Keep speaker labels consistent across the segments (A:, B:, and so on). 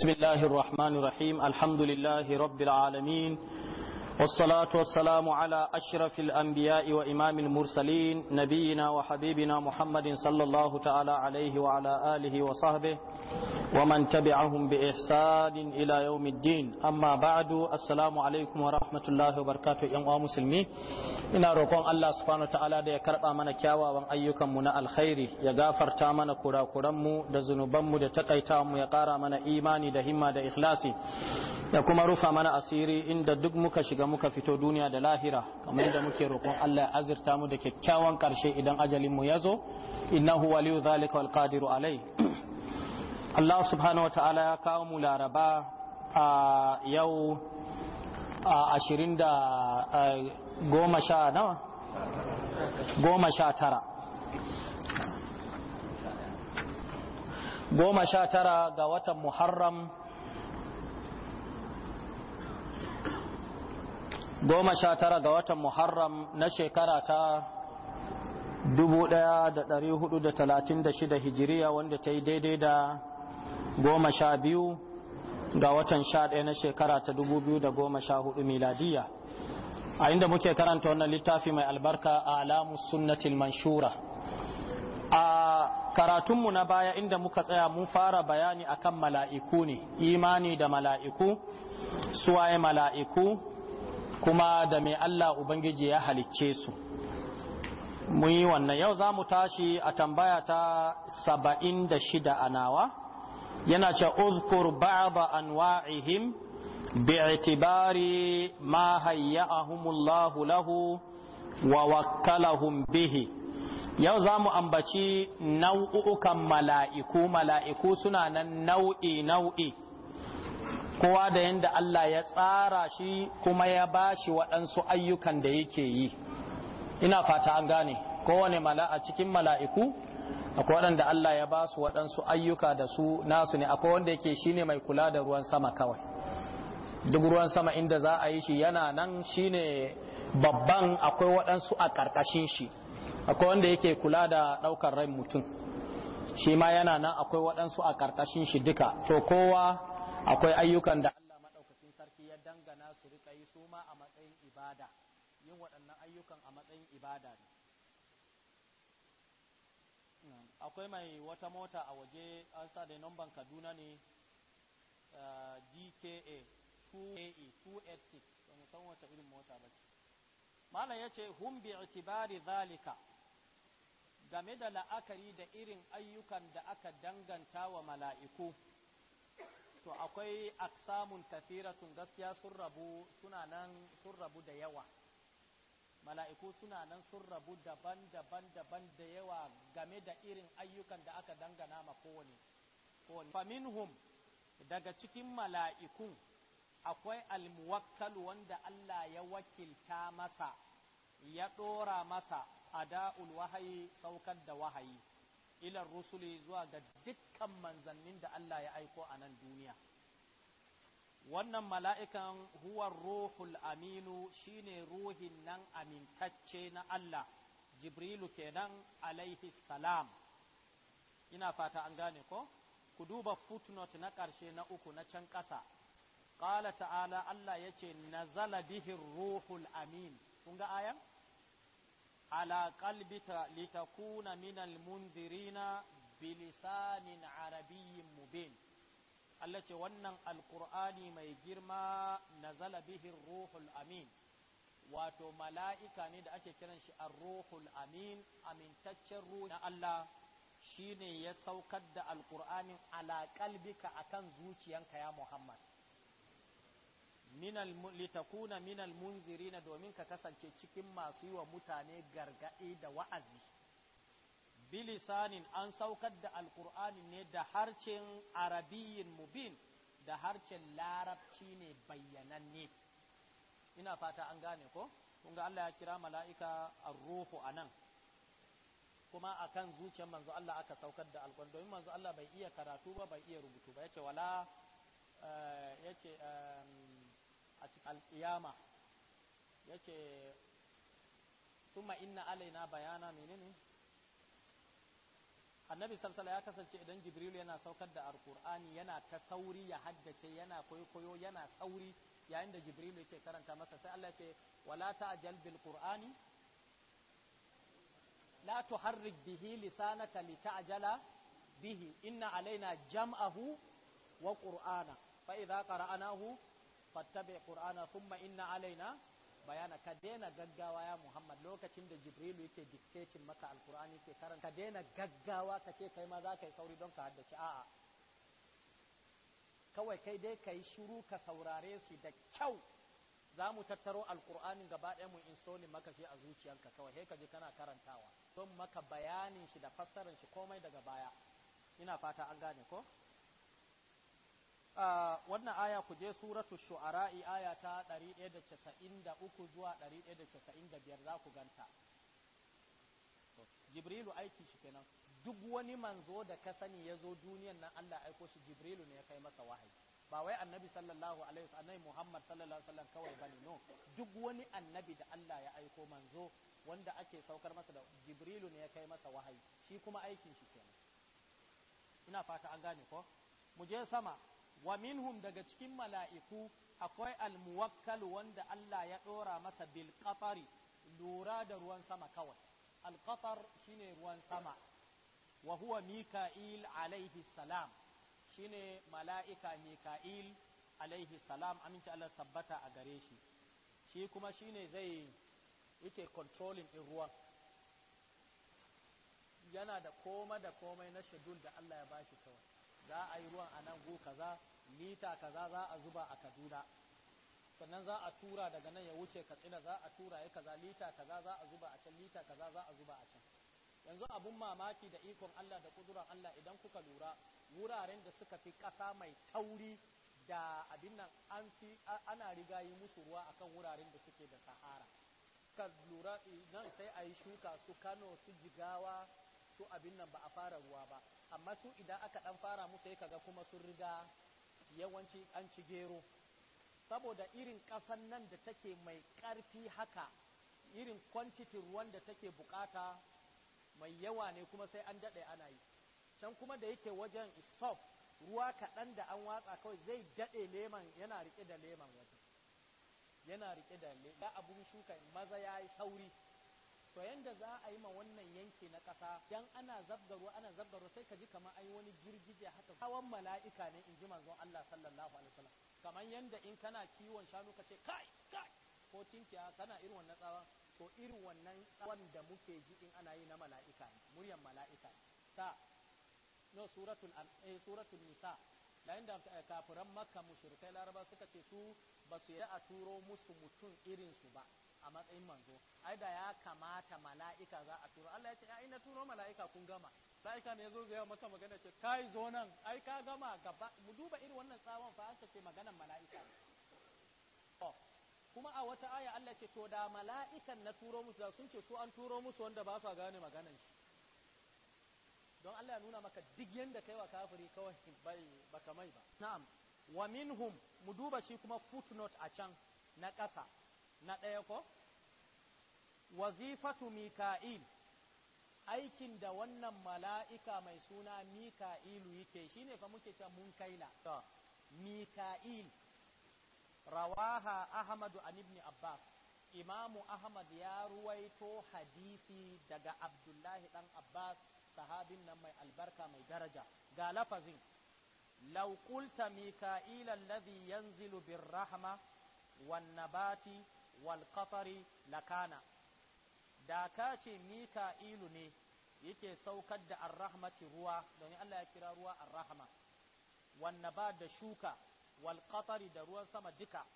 A: بسم الله الرحمن الرحيم الحمد لله رب العالمين والصلاة والسلام على أشرف الأنبياء وإمام المرسلين نبينا وحبيبنا محمد صلى الله تعالى عليه وعلى آله وصحبه ومن تبعهم بإحسان إلى يوم الدين أما بعد السلام عليكم ورحمة الله وبركاته يا مسلمين إن روكم الله سبحانه وتعالى da ya karba mana kyawawan ayyukanmu na alkhairi ya gafarta mana kurakuranmu da zunubanmu da mu ya kara mana imani da himma da ikhlasi ya kuma rufa mana asiri inda duk muka shiga muka fito duniya da lahira kamar yadda muke roƙon Allah ya azirta mu da kyakkyawan ƙarshe idan ajalinmu ya zo innahu waliyu zalika wal qadiru alai Allah subhanahu ta'ala ya kawo mu laraba a yau a ashirin da goma sha nawa goma sha tara goma sha tara ga watan muharram goma sha tara ga watan muharram na shekara ta 1436 hijiriya wanda ta yi daidai da goma sha biyu ga watan sha ɗaya na shekara ta dubu biyu da goma sha hudu miladiya a inda muke karanta wannan littafi mai albarka a alamu sunnatil manshura a karatunmu na baya inda muka tsaya mun fara bayani akan mala'iku ne imani da mala'iku suwaye mala'iku kuma da mai Allah Ubangiji ya halicce su mun yi wannan yau za mu tashi a tambaya ta saba'in da shida a nawa yana ce uzkur ba'da anwa'ihim bi'tibari ma hayya'ahumullahu lahu wa wakkalahum bihi yau za mu ambaci nau'ukan mala'iku mala'iku suna nan nau'i nau'i kowa da yadda Allah ya tsara shi kuma ya bashi waɗansu ayyukan da yake yi ina fata an gane kowane mala'a cikin mala'iku akwai waɗanda Allah ya ba su waɗansu ayyuka da su nasu ne akwai wanda yake shine mai kula da ruwan sama kawai duk ruwan sama inda za a yi shi yana nan shine babban akwai waɗansu a ƙarƙashin shi akwai wanda yake kula da ɗaukar rai mutum shi ma yana nan akwai waɗansu a ƙarƙashin shi duka to kowa akwai ayyukan da akwai mai wata mota a waje an sa da nomban kaduna ne dka uh, 286 e, ba san wata irin mota ba ce malam ya ce hun bi itibari zalika game da la'akari da irin ayyukan da aka danganta wa mala'iku to akwai aksamun tafiratun gaskiya sun rabu suna nan sun rabu da yawa mala'iku suna nan sun rabu daban-daban daban da yawa game da irin ayyukan da aka dangana ma kowane kowane faminhum daga cikin mala'ikun akwai almuwakkal wanda Allah ya wakilta masa ya ɗora masa ada'ul wahayi saukar da wahayi ilar rusuli zuwa ga dukkan manzannin da Allah ya aiko a nan duniya wannan mala'ikan huwar ruhul aminu shine ruhin nan amintacce na Allah jibrilu kenan alaihi salam ina fata an gane ko ku duba footnote na ƙarshe na uku na can ƙasa ƙala ta'ala Allah ya ce nazala bihin ruhul amin kun ga ayan ala kalbita litakuna minal mundirina bilisanin arabiyyin mubin Allah ce wannan alkur'ani mai girma na bihin ruhul amin wato mala'ika ne da ake kiran shi an ruhul amin amintaccen ruhu na Allah shi ne ya saukar da alkur'anin alaƙalbika a kan zuciyanka ya Muhammad litakuna minal munziri na domin ka kasance cikin masu yi wa mutane gargaɗi da wa'azi bilisanin an saukar da alkur'ani ne da harcin mu mubin da harcin larabci ne bayyananne ina fata an gane ko kunga Allah ya kira mala'ika ar-ruhu nan. kuma akan zuciyar manzo Allah aka saukar da alkur'ani domin manzo Allah bai iya karatu ba bai iya rubutu ba yace wala eh, yace a cikin alkiyama yace thumma inna alaina bayana menene annabi salsala ya kasance idan jibril yana saukar da alkur'ani yana ta sauri ya haddace yana koyo yana sauri yayin da jibril yake karanta masa sai Allah ce wala ta'jal bil qur'ani la tuharrik bihi lisanaka lita'jala bihi inna alaina jam'ahu wa qur'ana fa idza qara'nahu fattabi qur'ana thumma inna alaina bayana ka daina gaggawa ya Muhammad lokacin da Jibrilu yake dictating maka alkur'ani ke karanta ka daina gaggawa ka ce kai ma za ka yi sauri don ka haddace a'a kawai kai dai ka yi shiru ka saurare su da kyau za mu tattaro alkur'anin gaba ɗaya mu ni maka shi a zuciyarka kawai sai ka je kana karantawa don maka bayanin shi da fassarar shi komai daga baya ina fata an gane ko wannan aya ku je suratu shu'ara'i aya ta 193 zuwa 195 za ku ganta jibrilu aiki shi kenan duk wani manzo da ka sani ya zo duniyan nan Allah aiko shi jibrilu ne ya kai masa wahayi ba wai annabi sallallahu alaihi wasallam annabi muhammad sallallahu alaihi wasallam kawai bane no duk wani annabi da Allah ya aiko manzo wanda ake saukar masa da jibrilu ne ya kai masa wahayi shi kuma aikin shi kenan ina fata an gane ko mu je sama wa minhum daga cikin mala'iku akwai almuwakkal wanda Allah ya ɗora masa bil lura da ruwan sama kawai Alƙafar shi shine ruwan sama wa huwa mika'il alaihi salam shine mala'ika mika'il alaihi salam aminci Allah sabbata a gare shi shi kuma shine zai yake controlling din ruwan yana da koma da komai na shedul da Allah ya bashi kawai za a yi ruwan a nan go kaza lita kaza za a zuba a kaduna sannan za a tura daga nan ya wuce katsina za a tura ya kaza lita kaza za a zuba a can lita kaza za a zuba a can yanzu abun mamaki da ikon Allah da kudurar Allah idan kuka lura wuraren da suka fi ƙasa mai tauri da abin nan an fi ana riga yi musu ruwa akan wuraren da suke da sahara ka lura nan sai a yi shuka su kano su jigawa su abin nan ba a fara ruwa ba amma su idan aka dan fara musu ya kaga kuma sun riga yawanci an ci gero saboda irin ƙasan nan da take mai karfi haka irin kwantitin ruwan da take bukata mai yawa ne kuma sai an daɗe ana yi can kuma da yake wajen isof ruwa kaɗan da an watsa kawai zai daɗe leman yana rike da leman waje yana rike da leman abun shuka maza ya yi sauri to yanda za a yi ma wannan yanki na ƙasa dan ana zabgaro ana zabgaro sai ka ji kamar ai wani girgije haka hawan mala'ika ne in ji manzon Allah sallallahu alaihi wasallam kamar yanda in kana kiwon shanu ka ce kai kai ko tinkiya kana irin wannan tsawon to irin wannan tsawon da muke ji in ana yi na mala'ika ne muryan mala'ika ne ta no suratul eh, suratul nisa yayin da eh, kafiran makka mushrikai laraba suka ce su basu yi a turo musu mutum irin su ba a matsayin manzo ai da ya kamata mala'ika za a turo Allah ya ce ai na turo mala'ika kun gama mala'ika ne yazo ga masa magana ce kai zo nan ai ka gama gaba mu duba irin wannan tsawon fa aka ce maganan mala'ika to kuma a wata aya Allah ce to da mala'ikan na turo musu sun ce su an turo musu wanda ba su gane maganan shi don Allah ya nuna maka duk yanda kai wa kafiri kawai bai baka mai ba na'am wa minhum mu duba shi kuma footnote a can na ƙasa na ɗaya ko wazifatu mika'il aikin da wannan mala'ika mai suna mika'ilu yake shine fa muke ta munkaila to mika'il rawaha ahmadu an abbas imamu ahmad ya ruwaito hadisi daga abdullahi dan abbas sahabin nan mai albarka mai daraja ga lafazin law qulta mika'ila alladhi rahma, birrahma wan Walƙafari lakana da ka ce mika'ilu ne yake saukar da arrahmati ruwa domin Allah ya kira ruwa arrahma wanne ba da shuka walƙafari da ruwan sama duka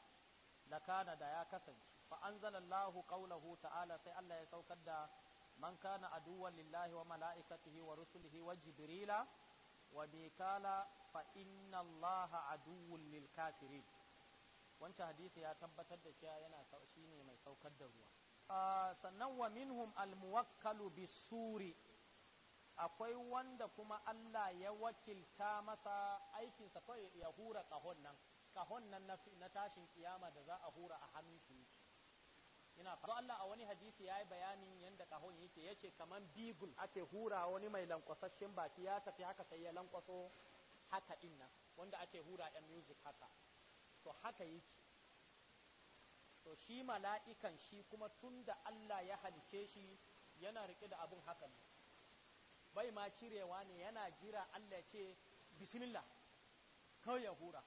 A: lakana da ya kasance fa anzalallahu qawlahu ta'ala sai Allah ya saukar da man kana aduwwan lillahi wa mala'ikatihi wa rusulihi wa jibrila wa mikala fa inna allaha aduwwun lil kafirin wancan hadisi ya tabbatar da cewa yana shi ne mai saukar da ruwa sannan wa minhum almuwakkalu bisuri akwai wanda kuma Allah ya wakilta masa aikinsa kai ya hura kahon nan kahon nan na tashin kiyama da za a hura a hannun shi ina faɗo Allah a wani hadisi ya yi bayanin yanda kahon yake yace kaman bigul ake hura wani mai lankwasashen baki ya tafi haka sai ya lankwaso haka din nan wanda ake hura yan music haka to haka yake to shi mala'ikan shi kuma tun da Allah ya halice shi yana riƙe da abun haka ne bai ma cirewa ne yana jira Allah ce bismillah kawai ya hura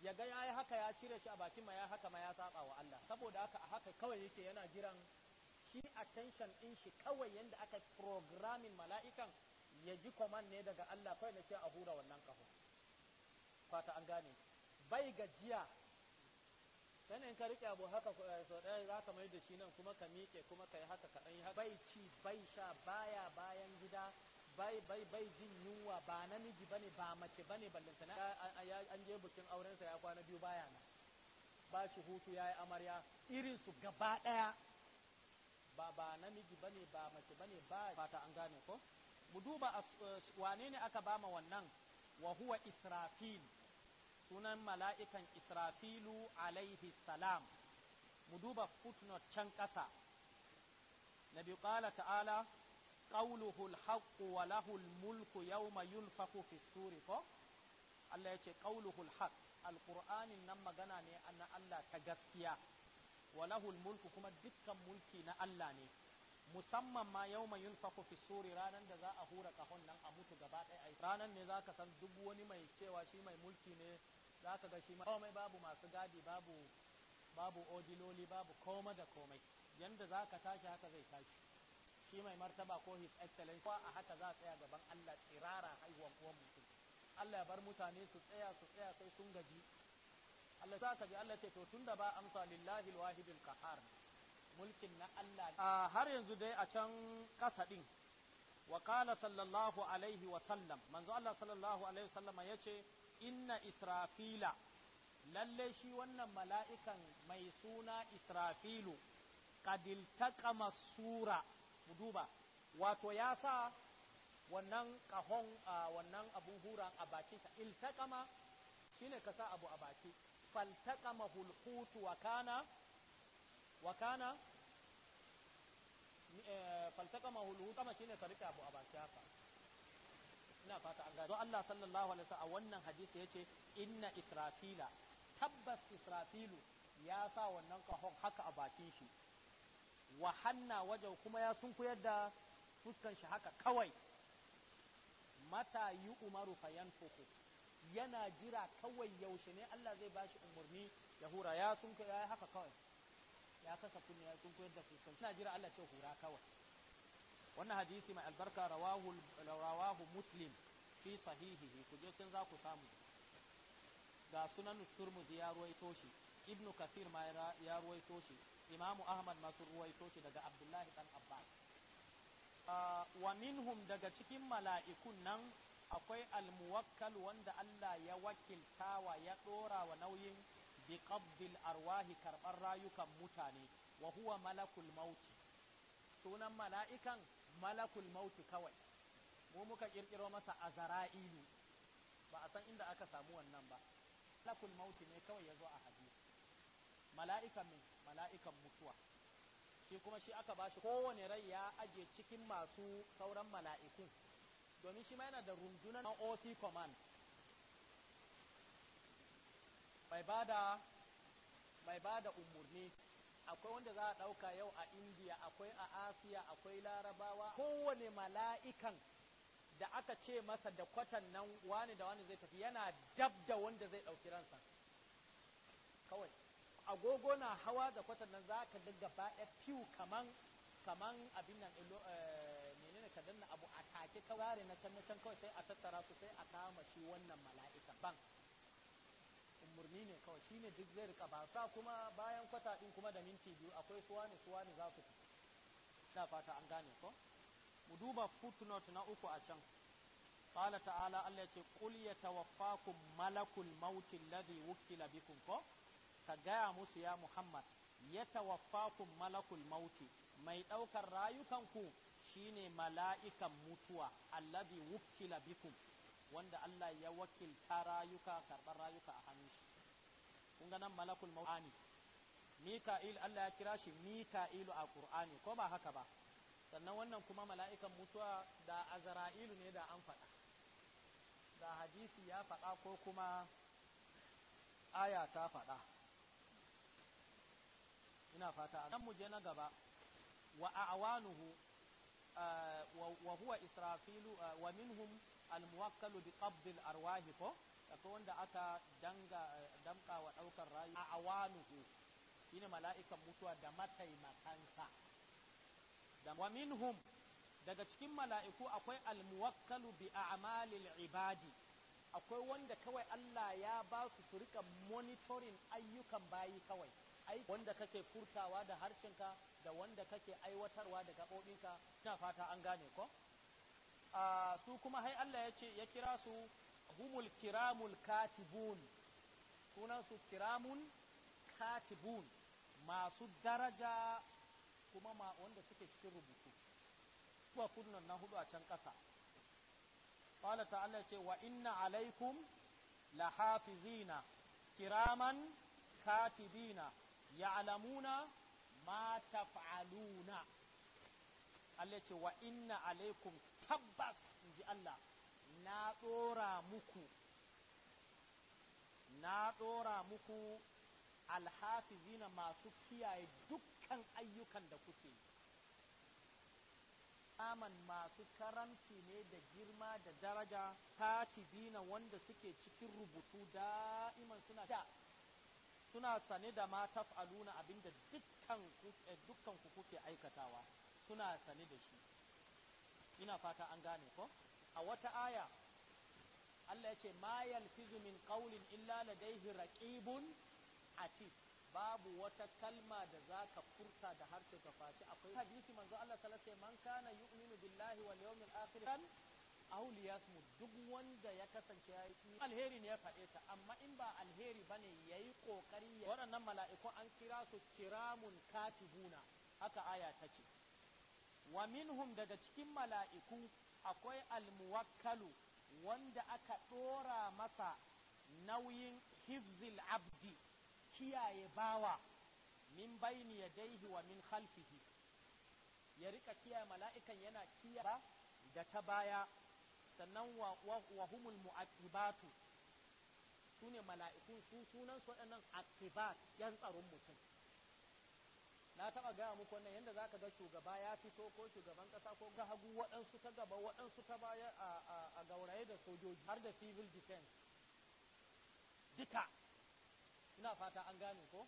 A: ya ga yayi haka ya cire shi a bakin ma ya haka ma ya saba wa Allah saboda haka a haka kawai yake yana jiran shi attention din shi kawai yanda aka programming mala'ikan ya ji command ne daga Allah kawai na ce a hura wannan kafa fata an gane bai gajiya dan in ka rike abu haka eh, so ɗaya za ka mai da shi nan kuma ka miƙe kuma ka yi haka ka dan yi haka bai ci bai sha baya bayan gida bai bai bai jin yunwa ba namiji bane ba mace bane ballanta na an je bikin aurensa ya kwana biyu baya na ba shi hutu yayi amarya irin su gaba ɗaya ba ba namiji bane ba mace bane ba fata an gane ko mu duba eh, wane ne aka bama wannan wa huwa israfil sunan mala'ikan Israfilu alaihi salam, mu duba footnote can ƙasa, na biyu ƙala ta'ala, ƙauluhul haƙƙu wa lahul mulku yau ma yulfaku fi ko? Allah ya ce ƙauluhul haƙ, alƙur'anin nan magana ne na Allah ta gaskiya, wa lahul mulku kuma dukkan mulki na Allah ne. musamman ma yau mai fi suri ranar da za a hura kahon nan a mutu gaba ɗaya ranan ne zaka san duk wani mai cewa shi mai mulki ne ka ga shi komai babu masu gadi babu babu odiloli babu koma da komai yanda ka tashi haka zai tashi shi mai martaba ko his excellence ko a haka za a tsaya gaban Allah tsirara haihuwan uwan mutum Allah ya bar mutane su tsaya su tsaya sai sun gaji Allah za ka ji Allah ce to tunda ba amsa lillahi alwahidul qahar mulkin na Allah har yanzu dai a can kasa ɗin, wa qala sallallahu alaihi wa sallam manzo Allah sallallahu alaihi wa sallama yace inna israfila lalle shi wannan mala'ikan mai suna israfilu kadil taqama sura duba wato ya sa wannan kahon wannan abun huran a bakinsa shi shine ka sa abu a baki faltaqama hulhutu wa kana Wakana kana eh, faltaka kama shine ka rike abu a baki haka ina fata an gado Allah sallallahu alaihi wasallam a wannan hadisi yace inna israfila tabbas israfilu ya sa wannan kahon haka a bakin shi wa hanna wajen kuma ya sunkuyar da fuskan shi haka kawai mata yi umaru fayan fuku yana jira kawai yaushe ne Allah zai bashi umarni ya hura ya sunkuya ya haka kawai ya kasa kunne ya sun koyar da ku suna jira Allah ce hura kawai wannan hadisi mai albarka rawahu rawahu muslim fi sahihihi ku je kin za ku samu ga sunan turmuzi ya ruwaito shi ibn kathir ma ya ruwaito shi imam ahmad ma su ruwaito shi daga abdullahi dan abbas wa minhum daga cikin mala'ikun nan akwai almuwakkal wanda Allah ya wakiltawa ya dora wa nauyin bi qabdil arwahi karban rayukan mutane wa huwa malakul mauti sunan mala'ikan malakul mauti kawai mu muka kirkiro masa azara'ilu ba a san inda aka samu wannan ba malakul mauti ne kawai ya zo a hadisi mala'ikan min mala'ikan mutuwa shi kuma shi aka ba shi kowane rai ya aje cikin masu sauran mala'ikun domin shi ma yana da rundunar OC command mai bada mai bada umurni akwai wanda za a ɗauka yau a indiya akwai a asiya akwai larabawa kowane mala'ikan da aka ce masa da kwatan nan wani da wani zai tafi yana dab da wanda zai ɗauki ransa kawai agogo na hawa da kwatan nan za ka ga gaba kaman kaman abin nan eh, menene ka danna abu a take ka ware na can na can kawai sai a tattara su sai a kama shi wannan mala'ika ban umarni ne kawai ne duk zai rika ba sa kuma bayan kwata din kuma da minti biyu akwai suwa ne suwa ne za su fi na fata an gane ko mu duba footnote na uku a can qala ta'ala Allah yace qul yatawaffakum malakul maut alladhi wukila bikum ko ka gaya musu ya Muhammad yatawaffakum malakul mauti mai daukar rayukanku shine mala'ikan mutuwa alladhi wukila bikum wanda Allah ya wakilta rayuka karɓar rayuka a hannun kun ga nan malakul mawani mika'il Allah ya kira shi mika'ilu a qur'ani ko ba haka ba sannan wannan kuma mala'ikan mutuwa da azra'ilu ne da an faɗa da hadisi ya faɗa ko kuma aya ta faɗa ina fata a mu je na gaba wa a'wanuhu eh, wa huwa israfilu eh, wa minhum al-muwakkalu bi arwahi al ko akwai wanda aka danga damka wa daukar rayu a awanuhu shine mala'ikan mutuwa da mataimakansa da wa minhum daga cikin mala'iku akwai almuwakkalu bi a'malil ibadi akwai wanda kawai Allah ya ba su su rika monitoring ayyukan bayi kawai ai wanda kake furtawa da harshenka da wanda kake aiwatarwa da gabobinka ina fata an gane ko ah, su kuma hai Allah ya ce ya kira su humul kiramul katibun sunansu kiramun katibun masu daraja kuma ma wanda suke cikin rubutu kuwa kudunan na hudu a can ƙasa ƙwala ta'ala ce wa inna alaikum lahafizina kiraman katibina ya'lamuna ma taf'aluna Allah ce wa inna alaikum tabbas inji Allah na ɗora muku na ɗora muku alhafizina masu kiyaye dukkan ayyukan da kuke yi aman masu karamci ne da girma da daraja katibina wanda suke cikin rubutu da'iman suna da suna sane da ma taf'aluna abinda dukkan eh, dukkan ku kuke aikatawa suna sane da shi ina fata an gane ko a wata aya Allah yace ma yalfizu min qawlin illa ladayhi raqibun atid babu wata kalma da zaka furta da harshe ka faci akwai hadisi manzo Allah sallallahu alaihi man kana yu'minu billahi wal yawmil akhir auliyasmu duk wanda ya kasance ya yi alheri ne ya faɗe ta amma in ba alheri ba ne ya yi ƙoƙari ya waɗannan malaiku an kira su kiramun katibuna haka aya ta ce wa minhum daga cikin mala'iku akwai almuwakkalu wanda aka ɗora masa nauyin hifzil abdi kiyaye bawa min bayni yadaihi wa min khalfihi ya rika kiyaye mala'ikan yana kiyaye da ta baya sannan wa humul mu'aqibatu sune mala'ikun su sunan su waɗannan aqibat yan tsaron mutum na taɓa gaya muku wannan yadda za ga shugaba ya fito ko shugaban kasa ko ga hagu waɗansu ta gaba waɗansu ta baya a gauraye da sojoji har da civil defense duka ina fata an gane ko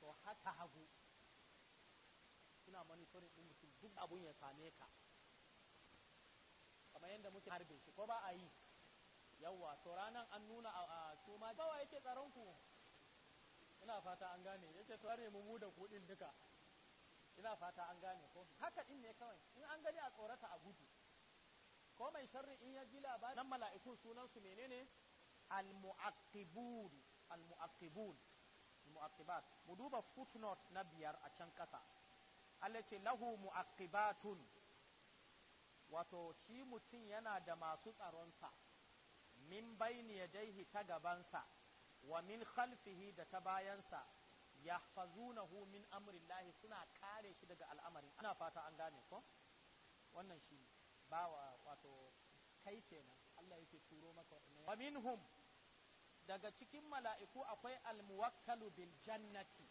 A: to haka hagu suna monitoring ɗin mutum duk abun ya same ka kamar yadda muke harbe shi ko ba a yi yawwa to ranar an nuna a su ba wa yake tsaron ku ina fata an gane yace to are mu mu da kuɗin duka ina fata an gane ko haka din ne kawai in an gani a tsorata a gudu ko mai sharri in ya ji labarin nan mala'ikun sunan su menene al-mu'aqibun al-mu'aqibun al-mu'aqibat mu duba footnote na biyar a can kasa Allah ce lahu mu'aqibatun wato shi mutum yana da masu tsaronsa min bayni yadaihi ta gabansa wa min khalfihi da ta bayansa ya yahfazunahu min amrillahi suna kare shi daga al'amarin ana fata an gane ko wannan shi ba wato kai kenan Allah yake turo maka wannan wa minhum daga cikin mala'iku akwai almuwakkalu bil jannati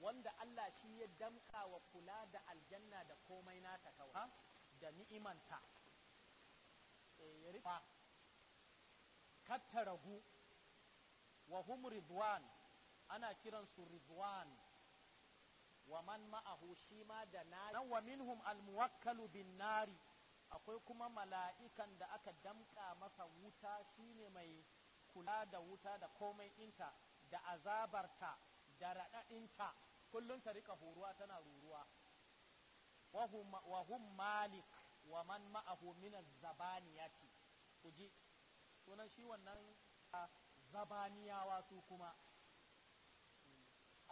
A: wanda Allah shi ya damka wa kula da aljanna da komai nata kawai da ni'imanta e, ya rifa kattaragu wa hum ridwan ana su ridwan wa man ma'ahu shi ma da nan wa minhum almuwakkalu bin nari akwai kuma mala'ikan da aka damka masa wuta shine mai kula da wuta da komai inta da azabarta da raɗaɗinta kullum ta rika horuwa tana ruruwa wa hum malik wa man ma'ahu min zabani yaki kuji sunan shi wannan zabaniyawa su kuma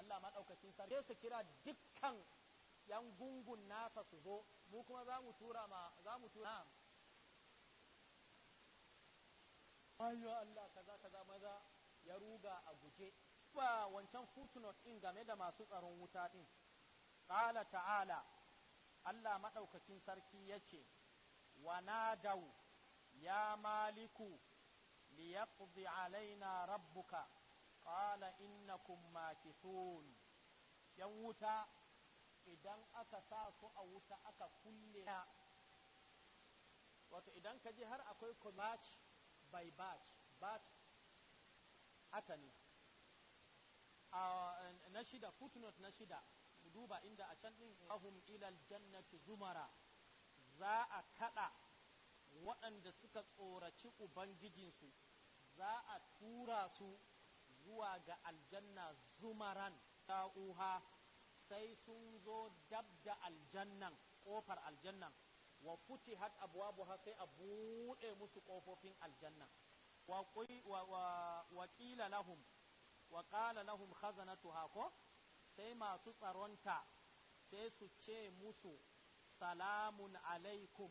A: Allah maɗaukacin sarki su kira dukkan yan gungun nasa su zo mu kuma za mu tura ma za mu tura ayyo Allah kaza kaza maza ya ruga a guje ba wancan footnote din game da masu tsaron wuta din qala ta'ala Allah maɗaukacin sarki yace wa nadau ya maliku ليقضي alaina rabbuka qala innakum makithun yan wuta idan aka sa su a wuta aka kulle wato idan ka ji har akwai batch by batch batch haka ne na shida footnote na shida duba inda a can din ahum ilal jannati zumara za a kada waɗanda suka tsoraci ubangijinsu za a tura su zuwa ga aljanna zumaran ta'uha sai sun zo dab da aljannan ƙofar aljannan wa futi hat abuwa sai a buɗe musu ƙofofin aljannan wa ƙila lahum wa ƙala lahum khazanatuha ko sai masu tsaronta sai su ce musu salamun alaikum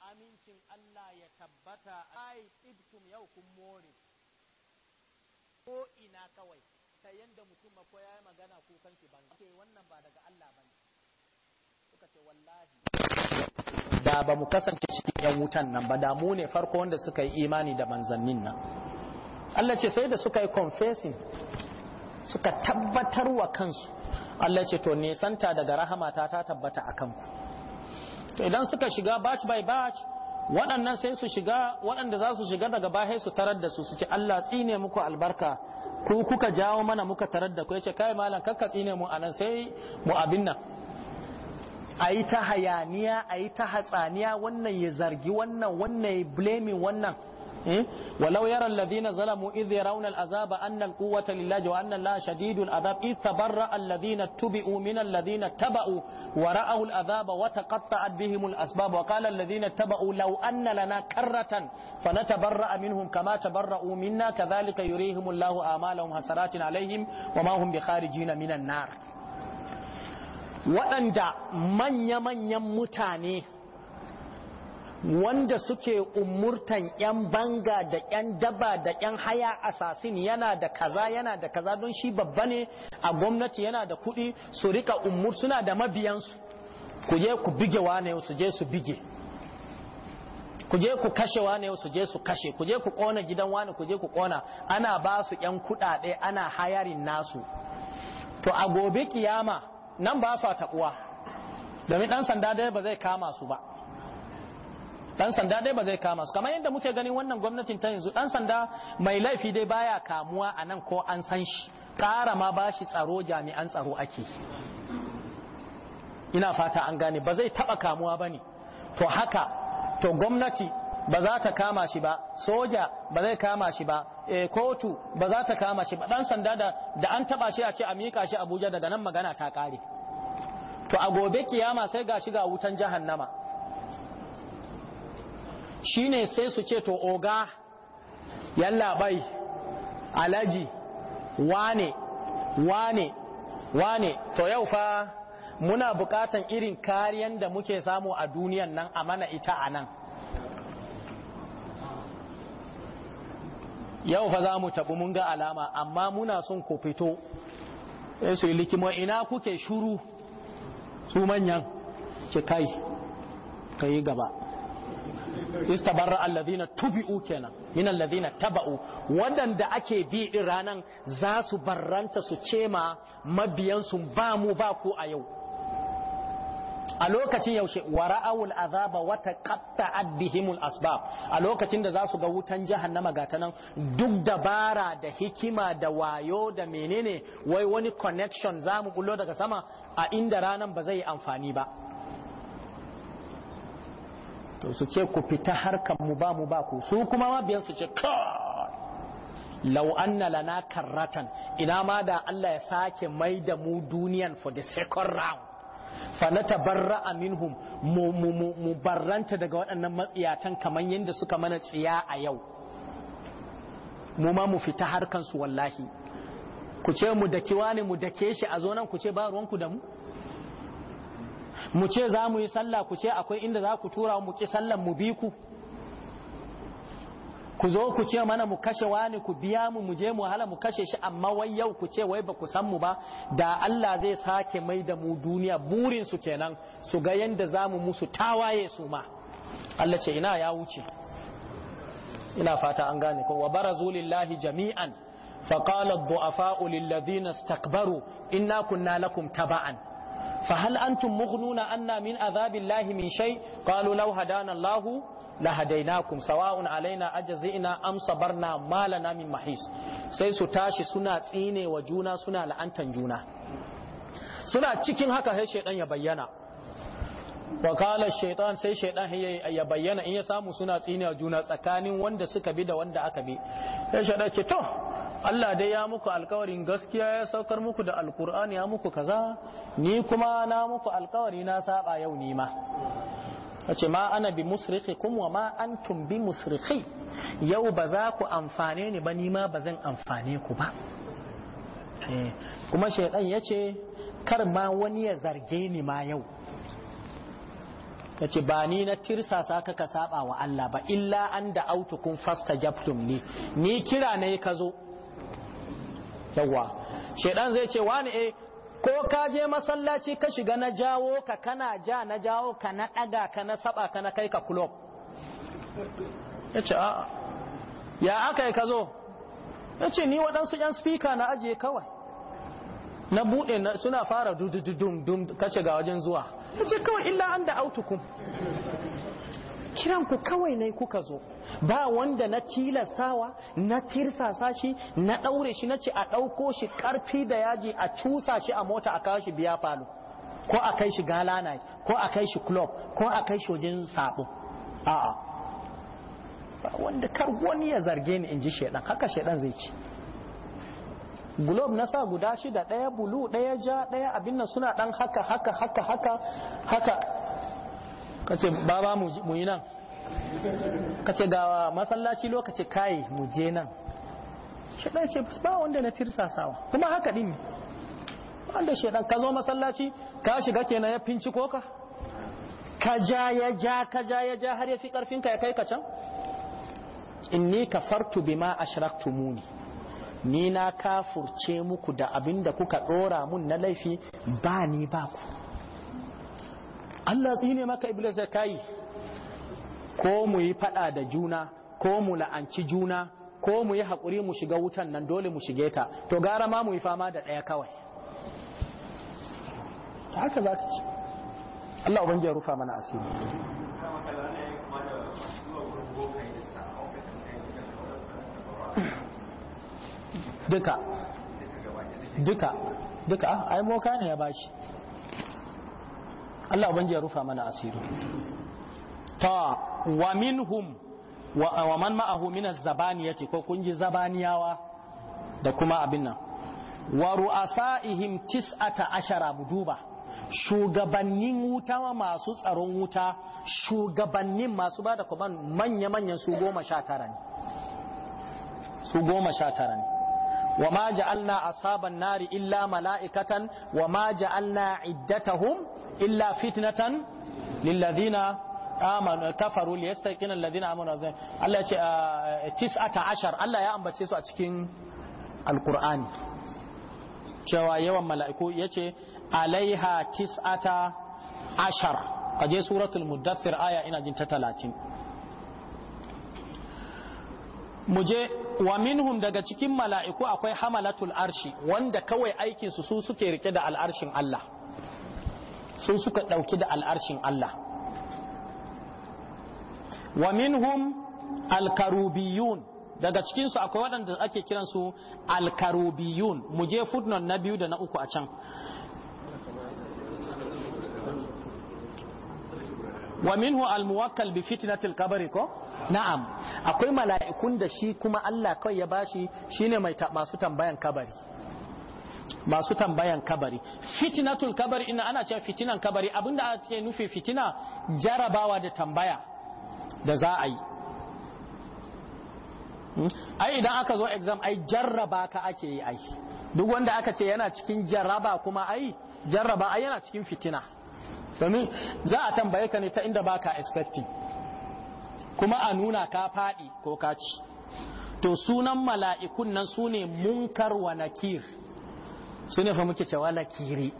A: amincin Allah ya tabbata a ibtum yau kun more ko ina kawai ta yadda mutum ko ya yi magana ko kanki ban ke wannan ba daga Allah bane suka ce wallahi da ba mu kasance cikin yan wutan nan ba da mu ne farko wanda suka yi imani da manzannin nan Allah ce sai da suka yi confessing suka tabbatarwa kansu Allah ce to santa daga Rahama ta tabbata a kanku to idan suka shiga batch by batch waɗannan sai su shiga waɗanda za su shiga daga bahe su tarar da su su ce Allah tsine muku albarka ku kuka jawo mana muka tarar da ku yace kai malam kakka tsine mu anan sai mu abin nan ayi ta hayaniya a yi ta hatsaniya wannan ya zargi wannan wannan ya blaming wannan ولو يرى الذين ظلموا إذ يرون العذاب أن القوة لله وأن الله شديد العذاب إذ تبرأ الذين اتبعوا من الذين اتبعوا ورأوا العذاب وتقطعت بهم الأسباب وقال الذين اتبعوا لو أن لنا كرة فنتبرأ منهم كما تبرأوا منا كذلك يريهم الله أعمالهم حسرات عليهم وما هم بخارجين من النار waɗanda من يمن mutane wanda suke umurtan 'yan banga da 'yan daba da 'yan haya assassin yana da kaza yana da kaza don shi babba ne a gwamnati yana da kuɗi su rika umur suna da mabiyansu ku je ku bige wane su je su bige ku je ku kashe wane su je su kashe ku je ku kona gidan wane ku je ku kona ana ba su 'yan kudade ana hayarin nasu to a gobe kiyama nan ba su a taɓuwa domin ɗan sanda dai ba zai kama su ba dan sanda dai ba zai kama su kamar yadda muke ganin wannan gwamnatin ta yanzu dan sanda mai laifi dai baya kamuwa a nan ko an san shi Kara ma ba shi tsaro jami'an tsaro ake ina fata an gane ba zai taɓa kamuwa ba ne to haka to gwamnati ba za ta kama shi ba soja ba zai kama shi ba e, kotu ba za ta kama shi ba dan sanda da, da an taɓa shi a ce a mika shi abuja daga nan magana ta kare to a gobe kiyama sai ga shi shiga wutan jahannama shine sai su ce to oga yalla bai alaji wane wane wane to yau fa muna bukatan irin kariyan da muke samu a duniyan nan a mana ita a nan yau fa za mu taɓi mun ga alama amma muna son ku fito sai su yi likimo ina kuke shuru su manyan ki kai ka yi gaba istabarra alladhina tubi'u kenan min alladhina taba'u wadanda ake bi din ranan za su barranta su cema mabiyan su ba mu ba ku a yau a lokacin yaushe wara'awul azaba wata taqatta adbihimul asbab a lokacin da za su ga wutan jahannama ga nan duk dabara da hikima da wayo da menene wai wani connection zamu kullo daga sama a inda ranan ba zai amfani ba to su ce ku fita harkar mu ba mu ba ku su kuma mabiyan su ce kai lau anna lana karratan ina ma da Allah ya sake mai da mu duniyan for the second round fa na tabarra'a minhum mu mu mu barranta daga waɗannan matsiyatan kamar yadda suka mana tsiya a yau mu ma mu fita harkar su wallahi ku ce mu dake wani mu dake shi a zo nan ku ce ba ruwanku da mu mu ce za mu yi sallah ku ce akwai inda za ku tura mu ki sallan mu bi ku ku zo ku ce mana mu kashe wani ku biya mu mu je mu hala mu kashe shi amma wai yau ku ce wai ba ku san mu ba da Allah zai sake mai da mu duniya burin su kenan su ga yanda za mu musu tawaye su ma Allah ce ina ya wuce ina fata an gane ko wa barazu lillahi jami'an فقال lil للذين istakbaru inna kunna lakum taba'an فهل أنتم مغنون أن من عذاب الله من شيء قالوا لو هدانا الله لهديناكم سواء علينا أجزئنا أم صبرنا ما لنا من محيص sai su tashi suna tsinewa wa juna suna la'antan juna suna cikin haka sai shaidan ya bayyana wa kala shaitan sai shaitan ya bayyana in ya samu suna tsine wa juna tsakanin wanda suka bi da wanda aka bi sai shaitan ce Allah dai ya muku alkawarin gaskiya ya saukar muku da alkur'ani ya muku kaza ni kuma na muku alkawari na saba yau ni ma ce ma ana bi musriki Kuma ma antum bi musriki yau ba za ku amfane ni ba ni ma ba zan amfane ku ba eh, kuma shaidan ya ce kar ma wani ya zarge ni ma yau kace ce ba ni na tirsasa ka ka saba wa Allah ba illa an da autukun fasta jabtum ni ni kira na ka zo yawa shedan zai ce wani eh ko ka je masallaci ka shiga na jawo ka kana ja na jawo ka na daga ka na saba ka na kai ka club yace a'a ya aka yi ka zo yace ni wadansu yan speaker na ajiye kawai na bude suna fara dudududum dum kace ga wajen zuwa yace kawai illa anda autukum kiran ku kawai ne kuka zo ba wanda na tilastawa na tirsasa shi na daure shi na ce a dauko shi karfi da yaji a cusa shi a mota a kawo shi biya falo ko a kai shi gala night ko a kai shi club ko a kai shi wajen sabo a ba wanda kar wani ya zarge ni in ji shedan haka shedan zai ci globe na sa guda shida daya bulu daya ja daya abin nan suna dan haka haka haka haka haka ka ce baba mu yi nan ka ce ga masallaci lokaci kai mu je nan shaɗan ce ba wanda na tirsasawa kuma haka din wanda shaɗan ka zo masallaci ka shiga kenan ya finci koka ka ja ya ja ka ja ya ja har ya fi ƙarfinka ya kai ka can inni kafartu bima ashraktumuni ni na kafurce muku da abinda kuka ɗora mun na laifi ba ni ba ku Allah tsine maka iblis ya kai ko mu yi fada da juna ko mu la'anci juna ko mu yi haƙuri mu shiga wutan nan dole mu shige ta to gara ma mu yi fama da ɗaya kawai haka za ta ci Allah ubangi ya rufa mana asiri duka duka duka ai moka ne ya bashi Allah ubangi ya rufa mana asiri ta wa minhum wa man ma'ahu min az-zabaniyati ko kun ji zabaniyawa da kuma abin nan wa ru'asaihim tis'ata ashara buduba shugabannin wuta masu tsaron wuta shugabannin masu bada kuban manya-manyan su goma sha tara ne su goma sha tara ne wa ma ja'alna ashaban nari illa mala'ikatan wa ma ja'alna iddatahum illa fitnatan lilladhina amanu kafaru liyastaqina alladhina amanu Allah ya ce 19 ah, Allah ya ambace su a cikin alqur'ani cewa yawan mala'iku yace alaiha tis'ata ashar kaje suratul muddathir aya ina jin ta talatin. Muje je wa minhum daga cikin mala'iku akwai hamalatul arshi wanda kawai aikinsu su suke rike da al'arshin Allah su suka ɗauki da al'arshin Allah wa minhum alkarubiyun daga cikinsu akwai waɗanda ake kiransu alkarubiyun muje je footnote na biyu da na uku a can wa minhu almuwakkal bi fitnatil kabari ko na'am akwai mala'ikun da shi kuma Allah kawai ya bashi shine mai masu tambayan kabari masu tambayan kabari fitnatul kabari ina ana cewa fitinan kabari abinda ake nufi fitina jarabawa da tambaya da za a yi hmm? ai idan aka zo exam ai jarraba ka ake yi ai duk wanda aka ce yana cikin jarraba kuma ai jarraba ai yana cikin fitina domin za a tambaye ka ne ta inda baka expecting kuma a nuna ka faɗi ko ka ci to sunan mala'ikun nan su ne munkar wa nakir su ne fa muke ce wala kiri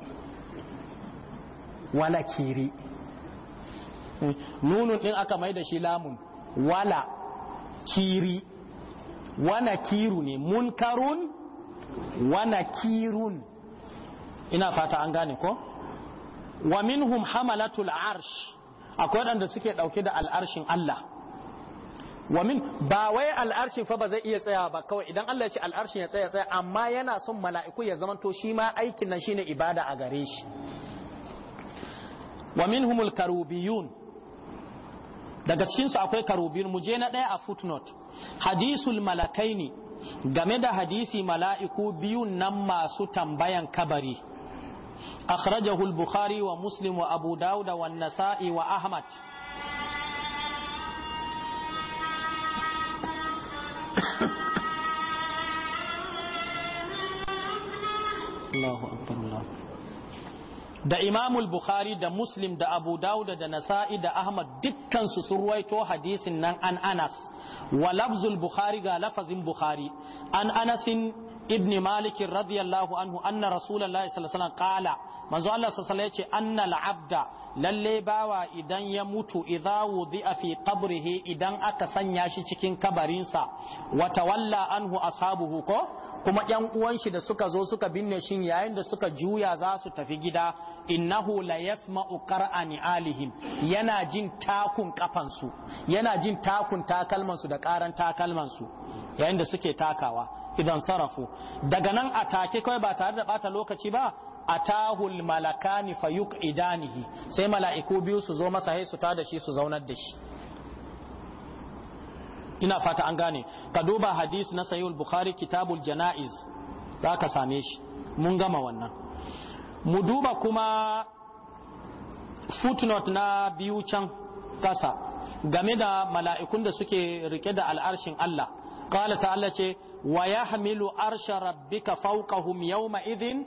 A: nunun ɗin aka mai da shi lamun wala kiri wana kiru ne munkarun wana kirun ina fata an gane ko wa minhum hamalatul arsh akwai waɗanda suke ɗauke da al'arshin Allah wa min ba wai al'arshin fa ba zai iya tsaya ba kawai idan Allah ya ce al'arshin ya tsaya tsaya amma yana son mala'iku ya zamanto shi ma aikin nan shine ibada a gare shi wa humul karubiyun daga cikin su akwai karubiyun mu je na daya a footnote hadisul malakaini game da hadisi mala'iku biyun nan masu tambayan kabari akhrajahu al-bukhari wa muslim wa abu dauda wa an-nasa'i wa ahmad الله أكبر الله da imamul bukhari da Muslim da Abu Dawud da Nasa'i da Ahmad dukkan su sun ruwaito hadisin nan an Anas wa lafzul Bukhari ga lafazin Bukhari an Anasin ibn malik radiyallahu anhu anna rasulullahi sallallahu alaihi wasallam qala manzo Allah sallallahu alaihi yace anna al-abda lalle bawa idan ya mutu idza wudi'a fi qabrihi idan aka sanya shi cikin kabarinsa wa tawalla anhu ashabuhu ko kuma yan uwan shi da suka zo suka binne shi yayin da suka juya za su tafi gida innahu la yasma'u qara'ani alihim yana jin takun kafansu yana jin takun takalmansu da karan takalmansu yayin da suke takawa idan sarafu daga nan a take kawai ba tare da bata lokaci ba atahul malakani fayuk idanihi sai mala'iku biyu su zo masa su ta da shi su zaunar da shi ina fata an gane ka duba hadisi na sayyul bukhari kitabul jana'iz za ka same shi mun gama wannan mu duba kuma footnote na biyu can kasa game da mala'ikun da suke rike da al'arshin Allah قال تعالى ce wa yahmilu arsha rabbika fawqahum yawma idhin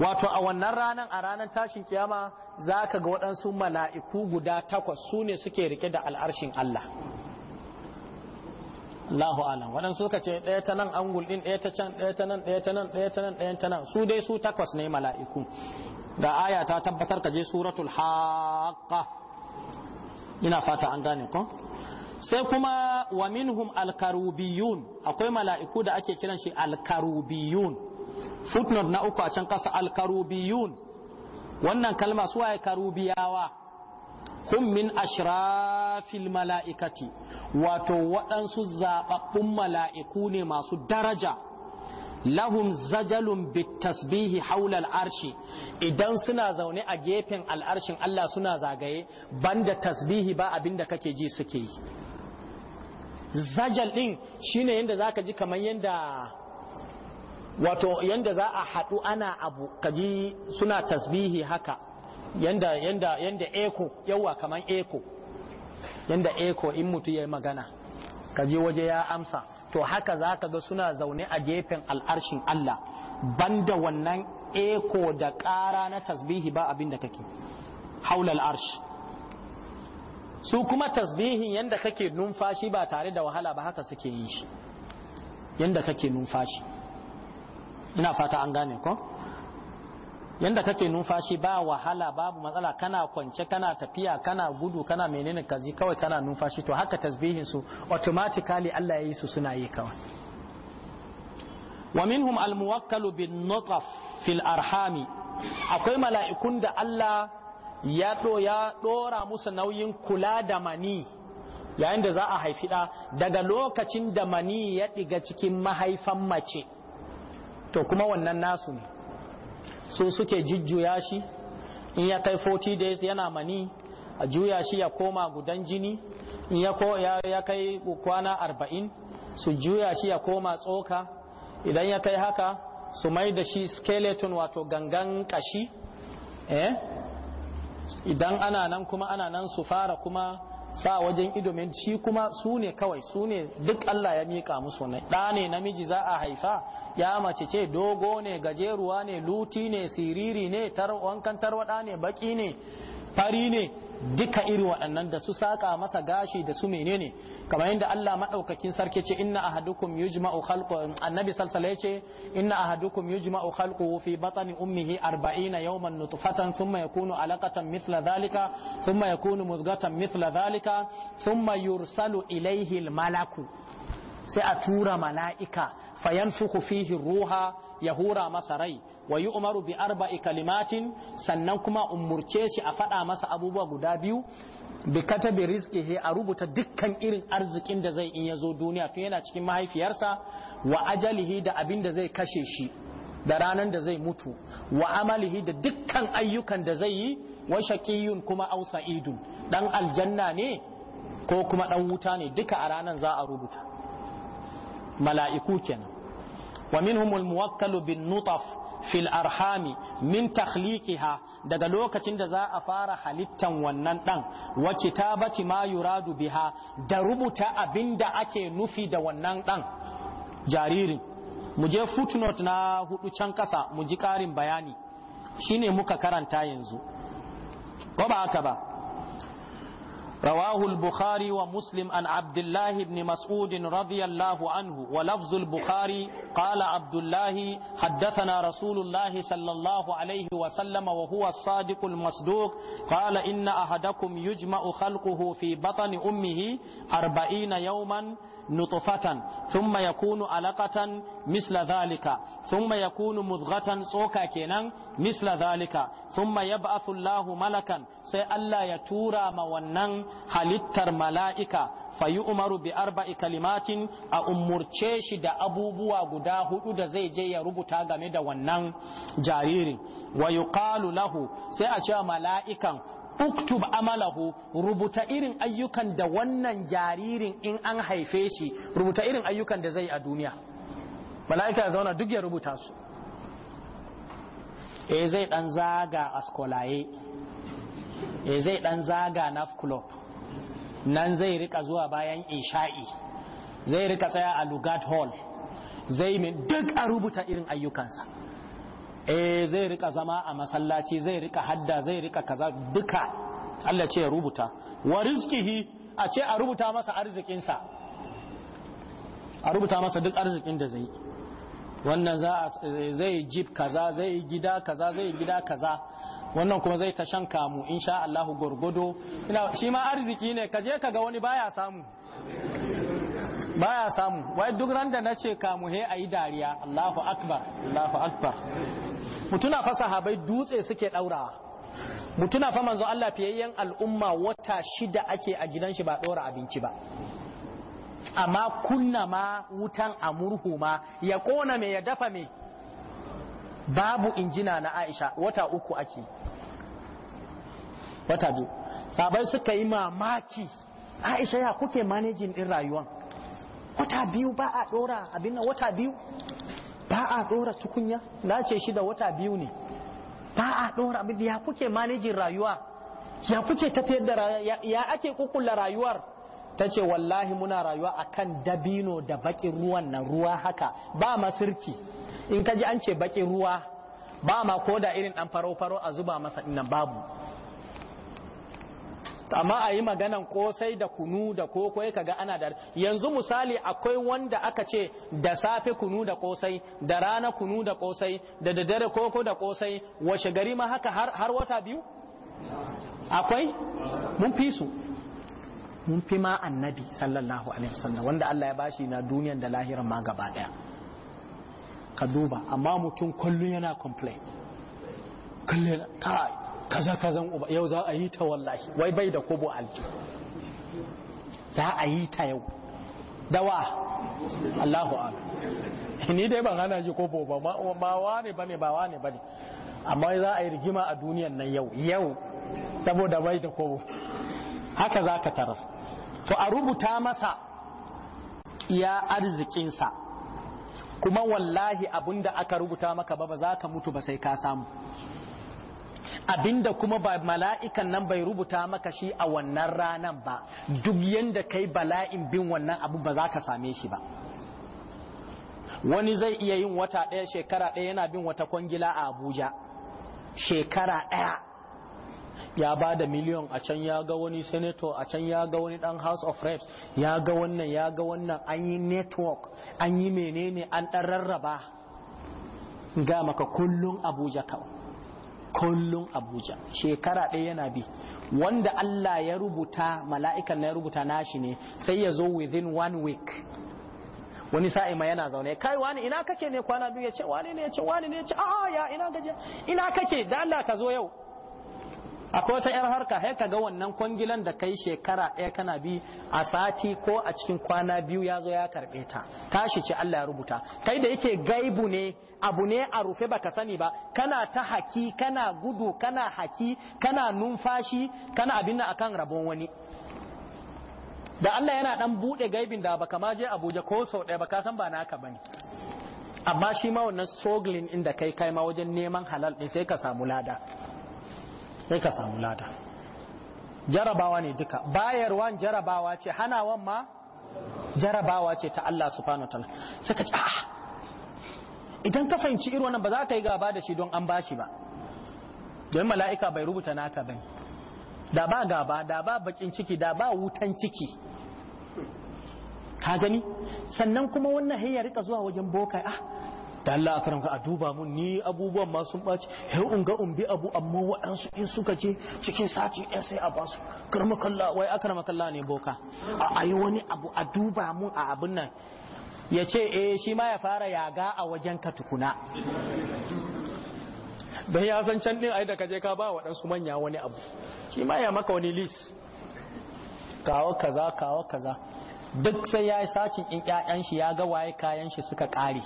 A: wato a wannan ranan a ranan tashin kiyama zaka ga waɗansu mala'iku guda takwas su ne suke rike da al'arshin Allah Allahu alam waɗansu suka ce ɗaya ta nan angul ɗin ɗaya ta can ɗaya ta nan ɗaya ta nan ɗaya ta nan ɗaya ta nan su dai su takwas ne mala'iku Da aya ta tabbatar ka je suratul haqqah ina fata an gane ko sai kuma wa minhum alkarubiyun akwai mala'iku da ake kiran shi alkarubiyun footnote na uku a can kasa alkarubiyun wannan kalma su waye karubiyawa hum min ashrafil mala'ikati wato waɗansu zaɓaɓɓun mala'iku ne masu daraja lahum zajalun bitasbihi haula al'arshi idan suna zaune a gefen al'arshin Allah suna zagaye banda tasbihi ba abinda kake ji suke yi zajal din shine yanda zaka ji kamar yanda wato yanda za a haɗu ana abu kaji suna tasbihi haka yanda yanda yanda eko yawa kamar eko yanda eko in mutu yayi magana kaji waje ya amsa to haka za ka ga suna zaune a gefen al'arshin Allah banda wannan eko da ƙara na tasbihi ba abin da take haulal al'arshi su kuma tasbihin yadda kake numfashi ba tare da wahala ba haka suke yin shi yadda kake numfashi ina fata an gane ko yanda kake numfashi ba wahala babu matsala kana kwance kana tafiya kana gudu kana menene kazi kawai kana numfashi to haka tasbihin su automatically Allah ya yi su suna yi kawai wa minhum muwakkalu bin nutaf fil arhami akwai mala'ikun da Allah ya ya dora musu nauyin kula da mani yayin da za a haifi da daga lokacin da mani ya diga cikin mahaifan mace to kuma wannan nasu ne su suke jujjuya shi in ya kai 40 days yana mani a juya shi ya koma gudan jini in ya, kai kwana 40 su juya shi ya koma tsoka idan ya kai haka su mai da shi skeleton wato gangan kashi eh idan ana nan kuma ana nan su fara kuma sa wajen idomin shi kuma su ne kawai su ne duk Allah ya miƙa musu ne ɗa ne namiji za a haifa ya mace ce dogo ne gajeruwa ne luti ne siriri ne wankan tarwaɗa ne baƙi ne fari ne duka iri waɗannan da su saka masa gashi da su menene kamar yadda Allah madaukakin sarki ce inna ahadukum yujma'u khalqu annabi salsala yace inna ahadukum yujma'u khalquhu fi batni ummihi 40 yawman nutfatan thumma yakunu alaqatan mithla dhalika thumma yakunu mudghatan mithla dhalika thumma yursalu ilayhi malaku sai a tura mala'ika fayanfukhu fihi ruha ya hura masa rai wa yu'maru bi arba'i kalimatin sannan kuma umurce shi a faɗa masa abubuwa guda biyu bi katabi rizqihi a rubuta dukkan irin arzikin da zai in yazo duniya tun yana cikin mahaifiyarsa wa ajalihi da abin da zai kashe shi da ranan da zai mutu wa amalihi da dukkan ayyukan da zai yi wa shaqiyun kuma Ausa sa'idun dan aljanna ne ko kuma dan wuta ne duka a ranan za a rubuta mala'iku kenan wa minhumul muwakkalu bin nutaf fil arhami min takhliqiha daga lokacin da za a fara halittan wannan dan wacce ta ma yuradu biha da rubuta abinda ake nufi da wannan dan jaririn mu je footnote na hudu can kasa mu ji ƙarin bayani shine muka karanta yanzu ko ba haka ba رواه البخاري ومسلم عن عبد الله بن مسعود رضي الله عنه ولفظ البخاري قال عبد الله حدثنا رسول الله صلى الله عليه وسلم وهو الصادق المصدوق قال إن أحدكم يجمع خلقه في بطن أمه أربعين يوما نطفة ثم يكون علقة مثل ذلك ya kunu mudghatan tsoka kenan misla zalika thumma yab'athu Allahu malakan sai Allah ya tura ma wannan halittar mala'ika fa umaru bi arba'i kalimatin a umurce shi da abubuwa guda hudu da zai je ya rubuta game da wannan jaririn wa yuqalu lahu sai a ce mala'ikan uktub amalahu rubuta irin ayyukan da wannan jaririn in an haife shi rubuta irin ayyukan da zai yi a duniya mala'ika ya zauna duk ya rubuta su E zai dan zaga askolaye E eh, zai dan zaga naf club nan zai rika zuwa bayan isha'i zai rika tsaya a lugard hall zai min duk a rubuta irin ayyukansa E zai rika zama a masallaci zai rika hadda zai rika kaza duka Allah ce ya rubuta wa rizkihi a ce a rubuta masa arzikinsa a rubuta masa duk arzikin da zai yi wannan zai jib kaza zai gida kaza zai gida kaza wannan kuma zai ta shan kamu insha Allah gorgodo shi ma arziki ne ka je kaga wani baya samu baya samu wai duk randa na ce kamu he ayi dariya Allahu akbar Allahu akbar mutuna fa sahabai dutse suke daurawa mutuna fa manzo Allah fiyayyen al'umma wata shida ake a gidan shi ba dora abinci ba amma kunna ma wutan a murhu ma ya kona me ya dafa me babu injina na aisha wata uku ake wata biyu sabai suka yi mamaki aisha ya kuke manajin din rayuwan wata biyu ba a dora abin na wata biyu ba a dora tukunya na ce shi da wata biyu ne ba a dora abin ya kuke manajin rayuwa ya kuke tafiyar da ya ake kukulla rayuwar ta ce wallahi muna rayuwa a kan dabino da bakin ruwan nan ruwa haka ba ma sirki in ka ji an ce bakin ruwa ba ma ko irin dan faro-faro a zuba masa inan babu amma a yi maganan kosai da kunu da kokoi kaga ana da yanzu misali akwai wanda aka ce da safe kunu da kosai da rana kunu da kosai da daddare koko da kosai washe gari ma haka har wata biyu akwai mun fi su mun fi ma annabi sallallahu alaihi wasallam wanda Allah ya bashi na duniyan da lahiran ma gaba daya ka duba amma mutum kullun yana complain kullun kai kaza kazan uba yau za a yi ta wallahi wai bai da kobo alji za a yi ta yau dawa Allahu akbar ni dai ban hana ji kobo ba ma wane bane ba wane bane amma za a yi rigima a duniyan nan yau yau saboda bai da kobo haka za ka tarar to a rubuta masa ya arzikinsa kuma wallahi abinda aka rubuta maka ba za ka mutu ba sai ka samu abinda kuma ba mala'ikan nan bai rubuta maka shi a wannan ranan ba duk yanda kai bala'in bin wannan abu ba za ka same shi ba wani zai iya yin wata ɗaya shekara ɗaya yana bin wata kwangila a abuja shekara ɗaya ya ba da miliyon a can ya ga wani senator a can ya ga wani dan house of reps ya ga wannan ya ga wannan an yi network an yi menene an dan rarraba ga maka kullun abuja ka kullun abuja shekara ɗaya yana bi wanda allah ya rubuta mala'ikan na ya rubuta nashi ne sai ya zo within one week wani sa'i ma yana zaune kai wani ina kake ne kwana biyu ya ce wani ne ya ce wani ne ya ce a'a ya ina gaje ina kake da Allah ka zo yau akwai wata yar harka sai kaga wannan kwangilan da kai shekara ɗaya kana bi a sati ko a cikin kwana biyu ya zo ya karɓe ta tashi ce Allah ya rubuta kai da yake gaibu ne abu ne a rufe baka sani ba kana ta haki kana gudu kana haki kana numfashi kana abin nan akan rabon wani da Allah yana dan bude gaibin da baka ma je Abuja ko sau ɗaya ka san ba naka bane amma shi ma wannan struggling inda kai kai ma wajen neman halal din sai ka samu lada sai ka samu lada jarabawa ne duka bayarwan jarabawa ce hanawan ma jarabawa ce ta Allah subhanahu ta'ala sai ka ce idan ka fahimci irin wannan ba za ka yi gaba da shi don an bashi ba don mala'ika bai rubuta naka bane da ba gaba da ba bakin ciki da ba wutan ciki ka gani sannan kuma wannan hayya rika zuwa wajen boka ah da Allah a karamka a duba mun ni abubuwan ma sun ɓaci yau in ga umbi abu amma waɗansu in suka ce cikin sati ɗaya sai a ba su karmakalla wai a karmakalla ne boka a ayi wani abu a duba mun a abin nan ya ce eh shi ma ya fara yaga a wajen ka tukuna don ya san can ɗin ai da kaje ka ba waɗansu manya wani abu shi ma ya maka wani lis kawo kaza kawo kaza duk sai ya yi sacin in ƴaƴan shi ya ga waye kayan shi suka ƙare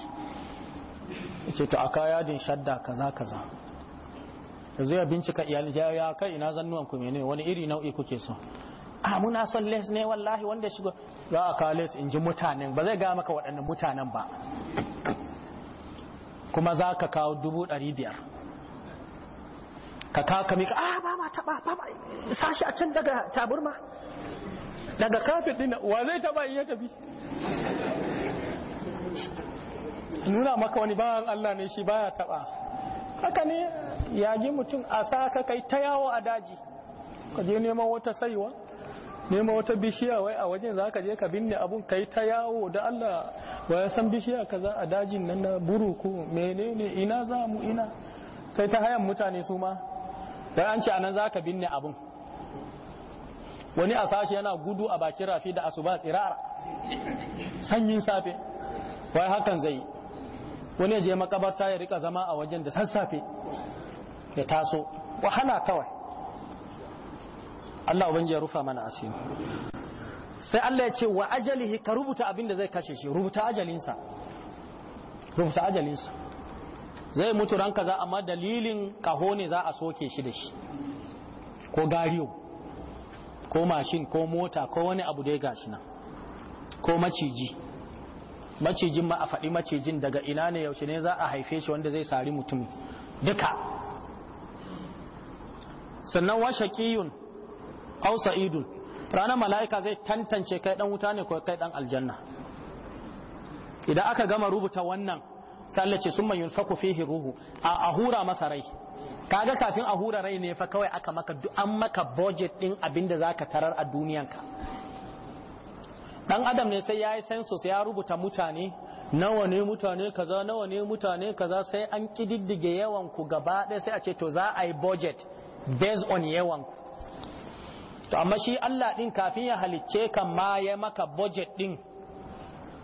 A: ce to aka yadin shadda kaza kaza yanzu ya bincika iyalin ya kai ina zannuwan ku menene wani iri nau'i kuke so a muna son les ne wallahi wanda shigo za a les in ji mutanen ba zai ga maka waɗannan mutanen ba kuma za ka kawo dubu ɗari biyar ka kawo ka mika a ba ma taɓa ba ma sashi a can daga taburma daga kafin ɗin wa zai taɓa ya tafi nuna maka wani bayan Allah ne shi baya taba haka ne yagi mutum a sa ka kai ta yawo a daji ka je neman wata saiwa neman wata bishiya wai a wajen za ka je ka binne abun kai ta yawo da Allah wa ya san bishiya ka za a dajin nan na buruku menene ina za mu ina sai ta hayan mutane su ma wai an ce anan za ka binne abun wani a sashi yana gudu a bakin rafi da asuba tsirara sanyin safe wai hakan zai wani je makabarta ya rika zama a wajen da sassafe ya taso wahala kawai Allah ubangi ya rufa mana asiri sai Allah ya ce wa ajalihi ka rubuta abin da zai kashe shi rubuta ajalinsa rubuta ajalinsa zai mutu ranka za amma dalilin kaho ne za a soke shi da shi ko gariyo ko mashin ko mota ko wani abu dai gashi nan ko maciji macijin ma a faɗi macijin daga ina ne yaushe ne za a haife shi wanda zai sari mutum duka sannan wa shaqiyun aw sa'idun ranar mala'ika zai tantance kai ɗan wuta ne ko kai dan aljanna idan aka gama rubuta wannan sallace sun man yunfaku fihi ruhu a ahura masa rai kaga kafin ahura rai ne fa kawai aka maka an maka budget din abinda zaka tarar a duniyanka dan adam ne sai ya yi census ya rubuta mutane nawa ne mutane kaza nawa ne mutane kaza sai an kididdige yawan ku gaba ɗaya sai a ce to za a yi budget based on yawan ku to amma shi Allah din kafin ya halicce kan ma ya maka budget din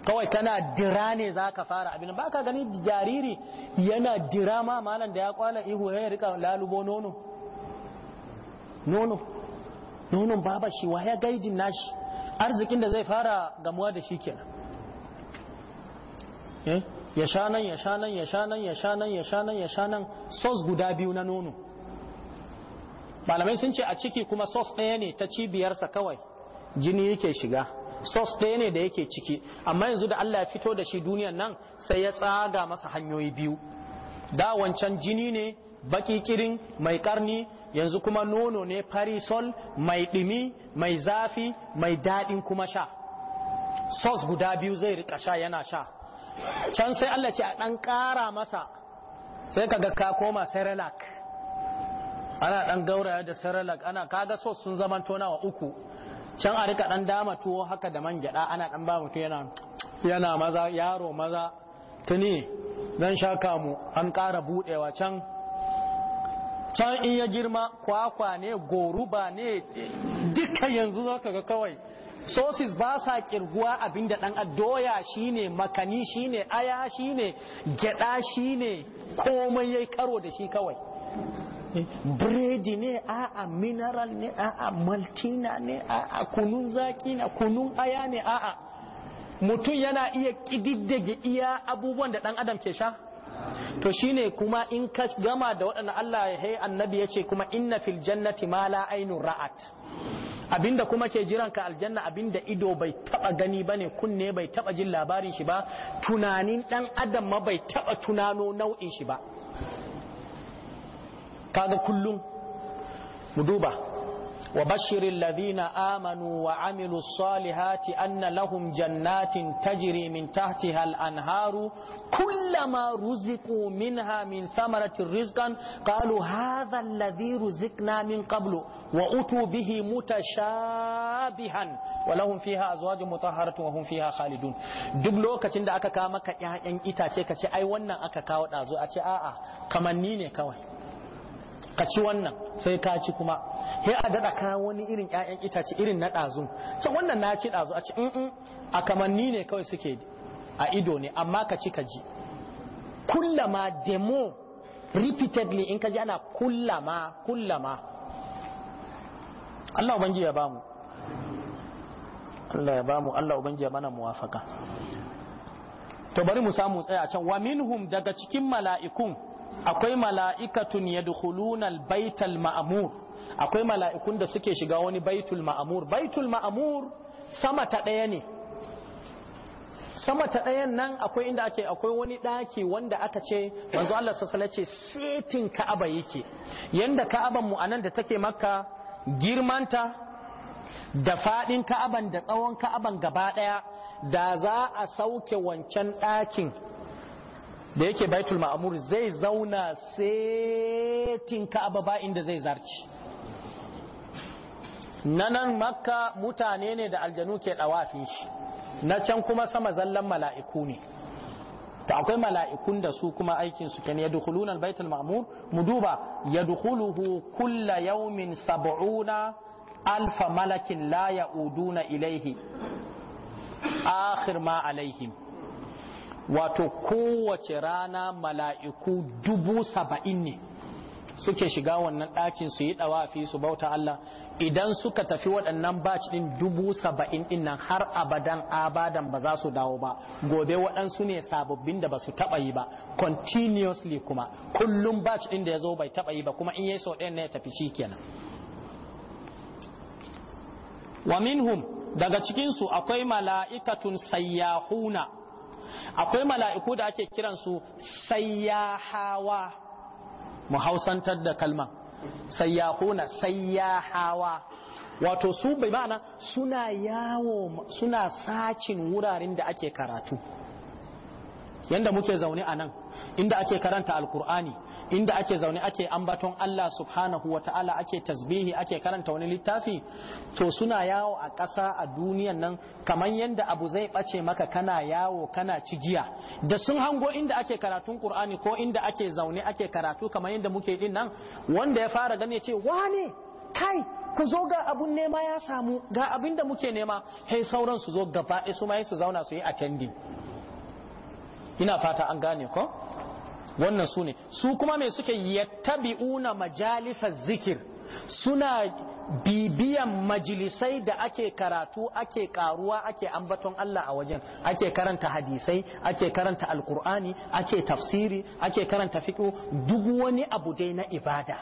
A: kawai tana dira ne za ka fara abin ba ka gani jariri yana dira ma malam da ya kwala ihu ya rika lalubo nono nono nonon baba wa ya gaidin nashi arzikin da zai fara gamuwa da shi kenan eh? ya sha nan ya sha nan ya sha nan ya sha nan ya sha nan ya sha nan sos guda biyu na nono malamai sun ce a ciki kuma sos ɗaya ne ta cibiyarsa kawai jini yake shiga sos ɗaya ne da yake ciki amma yanzu da Allah ya fito da shi duniyan nan sai ya tsaga masa hanyoyi biyu da wancan jini ne baki kirin mai karni yanzu kuma nono ne sol mai ɗimi mai zafi mai daɗin kuma sha sos guda biyu zai rika sha yana sha can sai Allah ce a ɗan ƙara masa sai kaga ka koma serelak ana ɗan gauraya da serelak ana kaga sos sun zama wa uku can a rika ɗan dama tuwo haka da man gyaɗa ana ɗan ba mutu yana yana maza yaro maza tuni dan sha kamu an ƙara buɗewa can can in ya girma kwakwa ne goruba ne duka yanzu zaka ga kawai sosis ba sa kirguwa abinda dan doya shine makani shine aya shine gyada shine komai yayi karo da shi kawai biredi ne a'a mineral ne a'a maltina ne a'a kunun zaki ne kunun aya ne a'a mutum yana iya kididdage iya abubuwan da dan adam ke sha to shine kuma in ka gama da waɗannan Allah ya annabi ya ce kuma inna fil jannati ma la ainun ra'at abinda kuma ke jiran ka aljanna abinda ido bai taba gani bane kunne bai taba jin labarin shi ba tunanin dan adam ma bai taba tunano nau'in shi ba kaga kullum mu duba وبشر الذين آمنوا وعملوا الصالحات أن لهم جنات تجري من تحتها الأنهار كلما رزقوا منها من ثمرة رزقا قالوا هذا الذي رزقنا من قبل وأتوا به متشابها ولهم فيها أزواج مطهرة وهم فيها خالدون duk lokacin da aka kawo maka ƴaƴan itace kace ai wannan aka kawo dazo a ce a'a kamanni ne kawai ka ci wannan sai ka ci kuma sai a daɗa ka wani irin ƴaƴan itace irin na ɗazu can wannan na ci ɗazu a ci in a kamanni ne kawai suke a ido ne amma ka ci ka ji kullama demo repeatedly in ka ji ana kullama kullama Allah ubangiji ya bamu Allah ya bamu Allah ubangiji ya mana muwafaka to bari mu samu tsaya a can wa minhum daga cikin mala'ikun akwai mala'ikatun yadkhuluna al-baital ma'mur akwai mala'ikun da suke shiga wani baitul ma'mur baitul ma'mur sama ta daya ne sama ta ɗayan nan akwai inda ake akwai wani ɗaki wanda aka ce manzo Allah sassala ce setin ka'aba yake yanda ka'aban mu anan da take maka girmanta da faɗin ka'aban da tsawon ka'aban gaba ɗaya da za a sauke wancan ɗakin da yake baitul ma'amur zai zauna setin ka'aba ba inda zai zarci na nan makka mutane ne da aljanu ke ɗawafin shi na can kuma sama zallan mala'iku ne to akwai mala'ikun da su kuma aikin su kan yadkhuluna al-baitul ma'mur mu duba yadkhuluhu kulla yawmin sab'una alfa malakin la ya'uduna ilayhi akhir ma alaihim wato kowace rana mala'iku dubu saba'in ne suke shiga wannan ɗakin su yi ɗawafi su bauta Allah idan suka tafi waɗannan bac ɗin dubu saba'in ɗin nan har abadan abadan ba za su dawo ba gobe waɗansu ne sababbin da ba su taɓa yi ba continuously kuma kullum bac ɗin da ya zo bai taɓa yi ba kuma in yi sau ne ya tafi shi kenan wa minhum daga cikinsu akwai mala'ikatun sayyahuna akwai mala'iku da ake kiransu sayyahawa mu hausantar da kalman na sayyahawa wato su bai mana suna yawo suna sacin wuraren da ake karatu yanda muke zaune a nan inda ake karanta alkur'ani inda ake zaune ake ambaton Allah subhanahu wa ta'ala ake tasbihi ake karanta wani littafi to suna yawo a ƙasa a duniyan nan kamar yanda abu zai ɓace maka kana yawo kana cigiya da sun hango inda ake karatun qur'ani ko inda ake zaune ake karatu kamar yanda muke din nan wanda ya fara gani ce wane kai ku zo ga abun nema ya samu ga abin da muke nema sai sauran su zo gaba su ma su zauna su yi attending ina fata an gane ko wannan su ne su kuma me suke yattabi'una majalisa zikir suna bibiyan majalisai da ake karatu ake karuwa ake ambaton Allah a wajen ake karanta hadisai ake karanta alkur'ani ake tafsiri ake karanta fiqh duk wani abu dai na ibada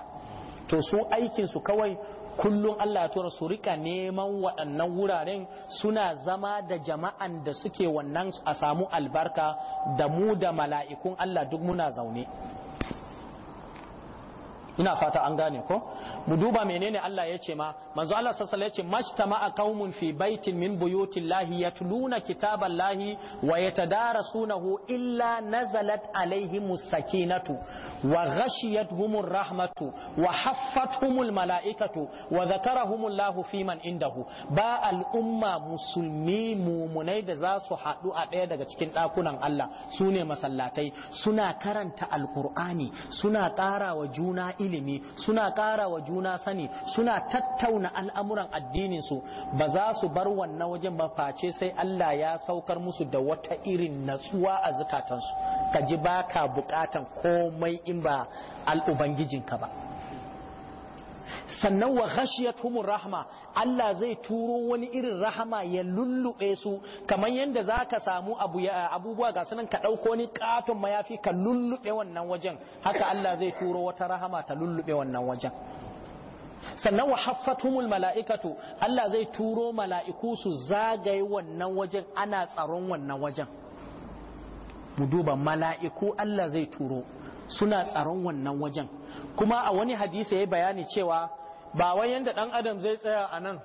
A: to su aikinsu kawai kullum Allah ya tura su rika neman waɗannan wuraren suna zama da jama'an da suke wannan a samu albarka da mu da mala'ikun Allah duk muna zaune ina fata an gane ko mu duba menene Allah ya ce ma manzo Allah sallallahu alaihi wasallam ya ce majtama'a qaumun fi baitin min buyutillahi yatluna kitaballahi wa yatadarasunahu illa nazalat alaihimus sakinatu wa ghashiyatuhumur rahmatu wa haffathumul malaikatu wa dhakarahumullahu fi man indahu ba al'umma musulmi mumunai da za su haɗu a ɗaya daga cikin ɗakunan Allah sune masallatai suna karanta alkur'ani suna ƙara wa juna ilimi suna ƙara wa juna sani suna tattauna al'amuran addininsu ba za su bar wannan wajen ba face sai Allah ya saukar musu da wata irin natsuwa a zukatansu ka ji ba ka bukatan komai in ba al'ubangijinka ba sannan wa humur rahma Allah zai turo wani irin rahama ya lulluɓe su kamar yanda zaka samu abubuwa ga sanan ka dauko ni katon mayafi ka lulluɓe wannan wajen haka Allah zai turo wata rahama ta lulluɓe wannan wajen sannan wa haffatuhumul mala'ikatu Allah zai turo mala'iku su zagaye wannan wajen ana tsaron wannan wajen mu duba mala'iku Allah zai turo suna tsaron wannan wajen kuma a wani hadisi ya bayani cewa ba wai yanda dan adam zai tsaya a nan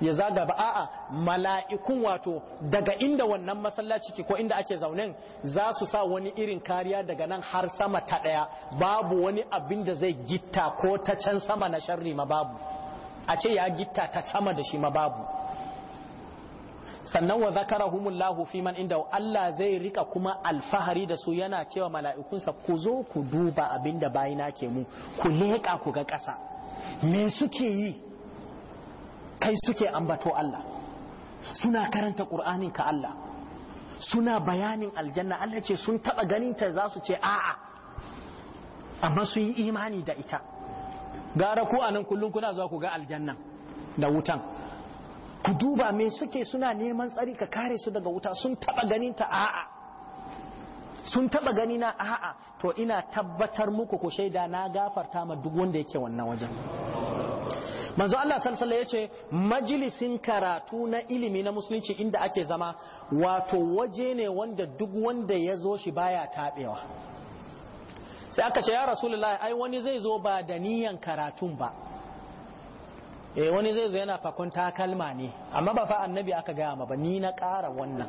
A: ya zaga ba a'a mala'ikun wato daga inda wannan masallaci ko inda ake zaunen za su sa wani irin kariya daga nan har sama ta daya babu wani abin da zai gitta ko ta can sama na sharri ma babu a ce ya gitta ta sama da shi ma babu sannan wa zakarahumullahu fi man inda Allah zai rika kuma alfahari da su yana cewa mala'ikunsa ku zo ku duba abinda bayina ke mu ku leƙa ku ga ƙasa me suke yi kai suke ambato Allah suna karanta Qur'anin ka Allah suna bayanin aljanna Allah ce sun taba ganin ta za su ce a'a amma sun yi imani da ita gara ku anan kullun kuna zuwa ku ga aljanna da wutan ku duba me suke suna neman tsari ka kare su daga wuta sun taba ganin ta a'a sun taba gani na a'a to ina tabbatar muku ku shaida na gafarta ma duk wanda yake wannan wajen manzo Allah sallallahu ya ce majalisin karatu na ilimi na musulunci inda ake zama wato waje ne wanda duk wanda ya zo shi baya tabewa. sai aka ce ya rasulullahi ai wani zai zo ba da niyan karatun ba Eh, wani zai zo yana fakon takalma ne amma ba fa annabi aka gaya ma ba ni na ƙara wannan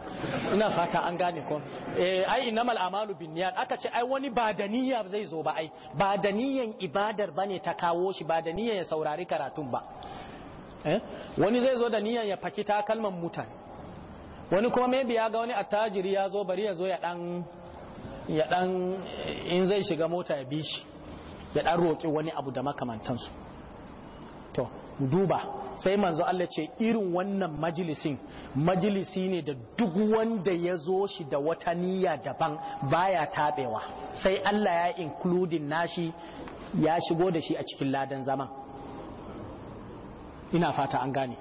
A: ina fata an gane ko Ai eh, ai innamal amalu binniyat aka ce ai wani ba da niyya zai zo ba ai ba da niyyan ibadar bane ta kawo shi ba da niyyan ya saurari karatun ba eh wani zai zo da niyyan ya faki takalman mutane wani kuma maybe ya ga wani attajiri ya zo bari ya zo ya dan ya dan in zai shiga mota ya bi shi ya dan roki wani abu da makamantansu to duba sai manzo Allah ce irin wannan majalisin majalisi ne da duk wanda ya zo shi da wata niyya daban baya tabewa sai Allah ya including nashi ya shigo da shi a cikin ladan zaman ina fata an gane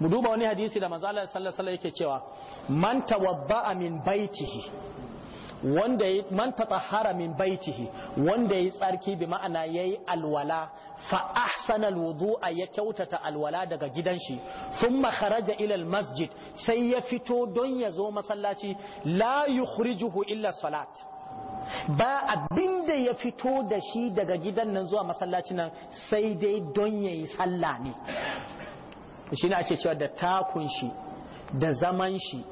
A: mu duba wani hadisi da manzo Allah sallallahu alaihi wasallam yake cewa man tawadda'a min baitihi wanda ya man tatahhara min baitihi wanda ya tsarki bi ma'ana yayi alwala fa ahsana alwudu'a ya kyautata alwala daga gidan shi Sun kharaja ila masjid sai ya fito don ya zo masallaci la yukhrijuhu illa salat ba abinda ya fito da shi daga gidan nan zuwa masallaci nan sai dai don yayi sallah ne shine ake cewa da takun shi da zaman shi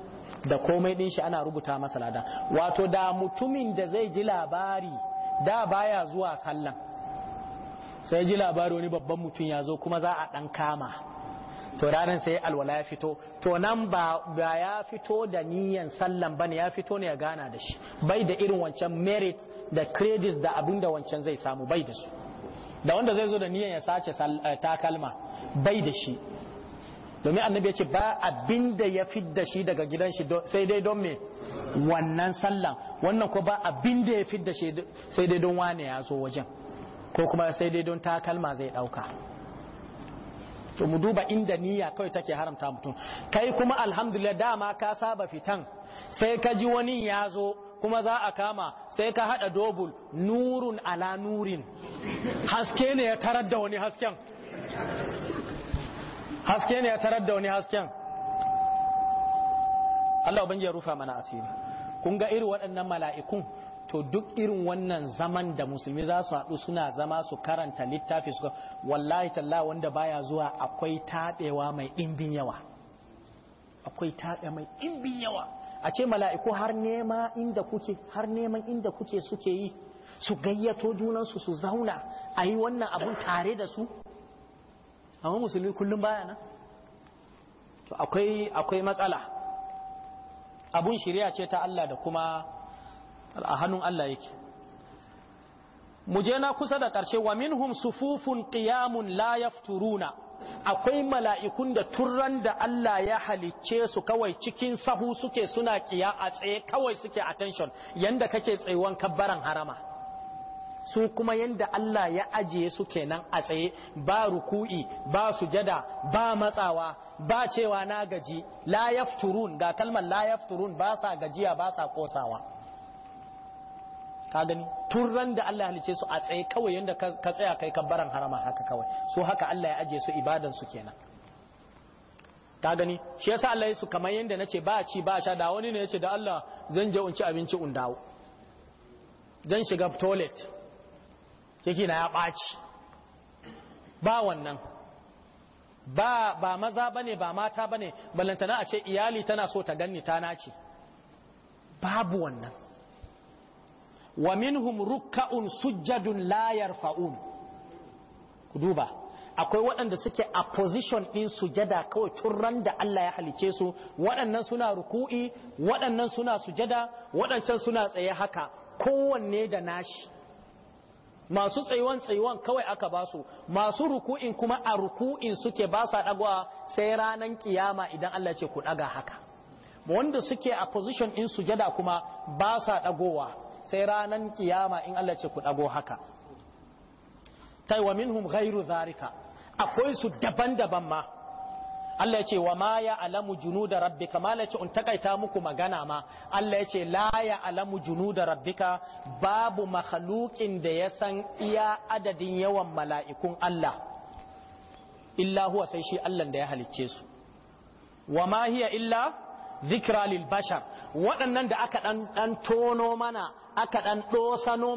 A: da komai din shi ana rubuta masa lada wato da mutumin da zai ji labari da baya zuwa sallan sai ji labari wani babban mutum ya zo kuma za a dan kama to ranar sai alwala ya fito to nan ba ya fito da niyan sallan ne ya fito ne ya gana da shi bai da irin wancan merit da credits da abin da wancan zai samu bai da su da wanda zai zo da niyan ya sace eh, takalma bai da shi domin annabi ya ce ba abinda ya fidda shi daga gidan shi sai dai don me wannan sallan wannan ko ba abinda ya fidda shi sai dai don wane ya zo wajen ko kuma sai dai don takalma zai dauka to mu duba inda niyya kawai take haramta mutum kai kuma alhamdulillah dama ka saba fitan sai ka ji wani ya zo kuma za a kama sai ka hada dobul nurun ala nurin haske ne ya tarar da wani hasken haske ne ya tarar da wani hasken Allah ban ya rufa mana asiri kun ga irin waɗannan mala'ikun to duk irin wannan zaman da musulmi za su haɗu suna zama su karanta littafi su wallahi talla wanda baya zuwa akwai taɓewa mai ɗimbin yawa akwai taɓe mai ɗimbin yawa a ce mala'iku har nema inda kuke har neman inda kuke suke yi su gayyato junansu su zauna a yi wannan abun tare da su amma musulmi kullum baya nan to akwai akwai matsala abun shari'a ce ta Allah da kuma a hannun Allah yake mu je na kusa da ƙarshe wa minhum sufufun qiyamun la yafturuna akwai mala'ikun da turran da Allah ya halicce su kawai cikin sahu suke suna kiya a tsaye kawai suke attention yanda kake tsayuwan kabbaran harama su kuma yadda Allah ya ajiye su kenan a tsaye ba ruku'i ba sujada ba matsawa ba cewa na gaji la yafturun ga kalmar la yafturun ba sa gajiya ba sa kosawa ka gani turran da Allah ya halice su a tsaye kawai yadda ka tsaya kai kabbaran harama haka kawai su haka Allah ya ajiye su ibadan su kenan ka gani shi yasa Allah ya su kamar yadda nace ba ci ba sha da wani ne yace da Allah zan je in ci abinci in dawo zan shiga toilet yake na ya ɓaci ba wannan ba ba maza ba mata bane ballantana a ce iyali tana so ta ganni ta nace babu wannan wa minhum rukka'un sujjadun la yarfa'un ku duba akwai waɗanda suke a position ɗin sujada kawai turan da Allah ya halice su waɗannan suna ruku'i waɗannan suna sujada waɗancan suna tsaye haka kowanne da nashi masu tsayuwan tsayuwan kawai aka ba su masu ruku'in kuma a ruku'in suke ba sa dagwa sai ranan kiyama idan Allah ce ku daga haka wanda suke a position in su sujada kuma ba sa dagowa sai ranan kiyama in Allah ce ku dago haka tai wa minhum ghairu zarika akwai su daban-daban ma Allah ya ce wa ma ya alamu junuda rabbika ma ce in takaita muku magana ma Allah ya ce la ya alamu junuda rabbika babu makhluqin da ya san iya adadin yawan mala'ikun Allah illa huwa sai shi Allah da ya halicce su wa ma hiya illa zikra lil bashar waɗannan da aka dan tono mana aka dan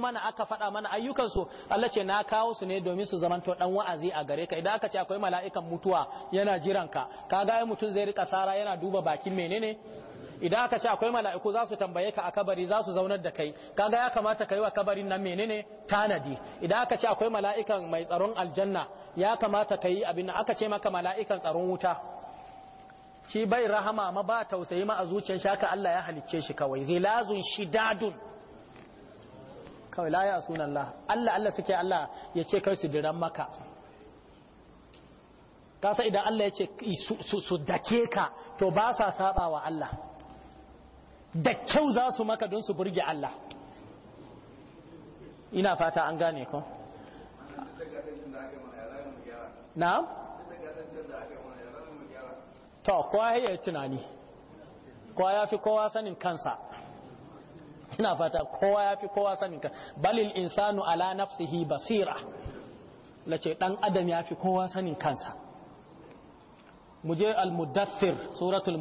A: mana aka faɗa mana ayyukansu Allah ce na kawo su ne domin su zamanto dan wa'azi a gare ka idan aka ce akwai mala'ikan mutuwa yana jiran ka kaga ai mutum zai rika sara yana duba bakin menene idan aka ce akwai mala'iku za su tambaye ka a kabari za su zaunar da kai kaga ya kamata ka wa kabarin nan menene tanadi idan aka ce akwai mala'ikan mai tsaron aljanna ya kamata ka yi abin aka ce maka mala'ikan tsaron wuta shi bai rahama ma ba tausayi ma a zuciyar haka Allah ya halicce shi kawai ghilazun shidadun kawai la ya sunan Allah Allah Allah suke Allah ya ce kai su diran maka kasa idan Allah ya ce su dake ka to ba sa saba wa Allah da kyau za su maka don su burge Allah ina fata an gane ko na'am to kowa ya yi tunani kowa ya fi kowa sanin kansa ina fata kowa ya fi kowa sanin kansa balil insanu ala nafsihi basira na ce dan adam ya fi kowa sanin kansa mu je al-muddathir suratul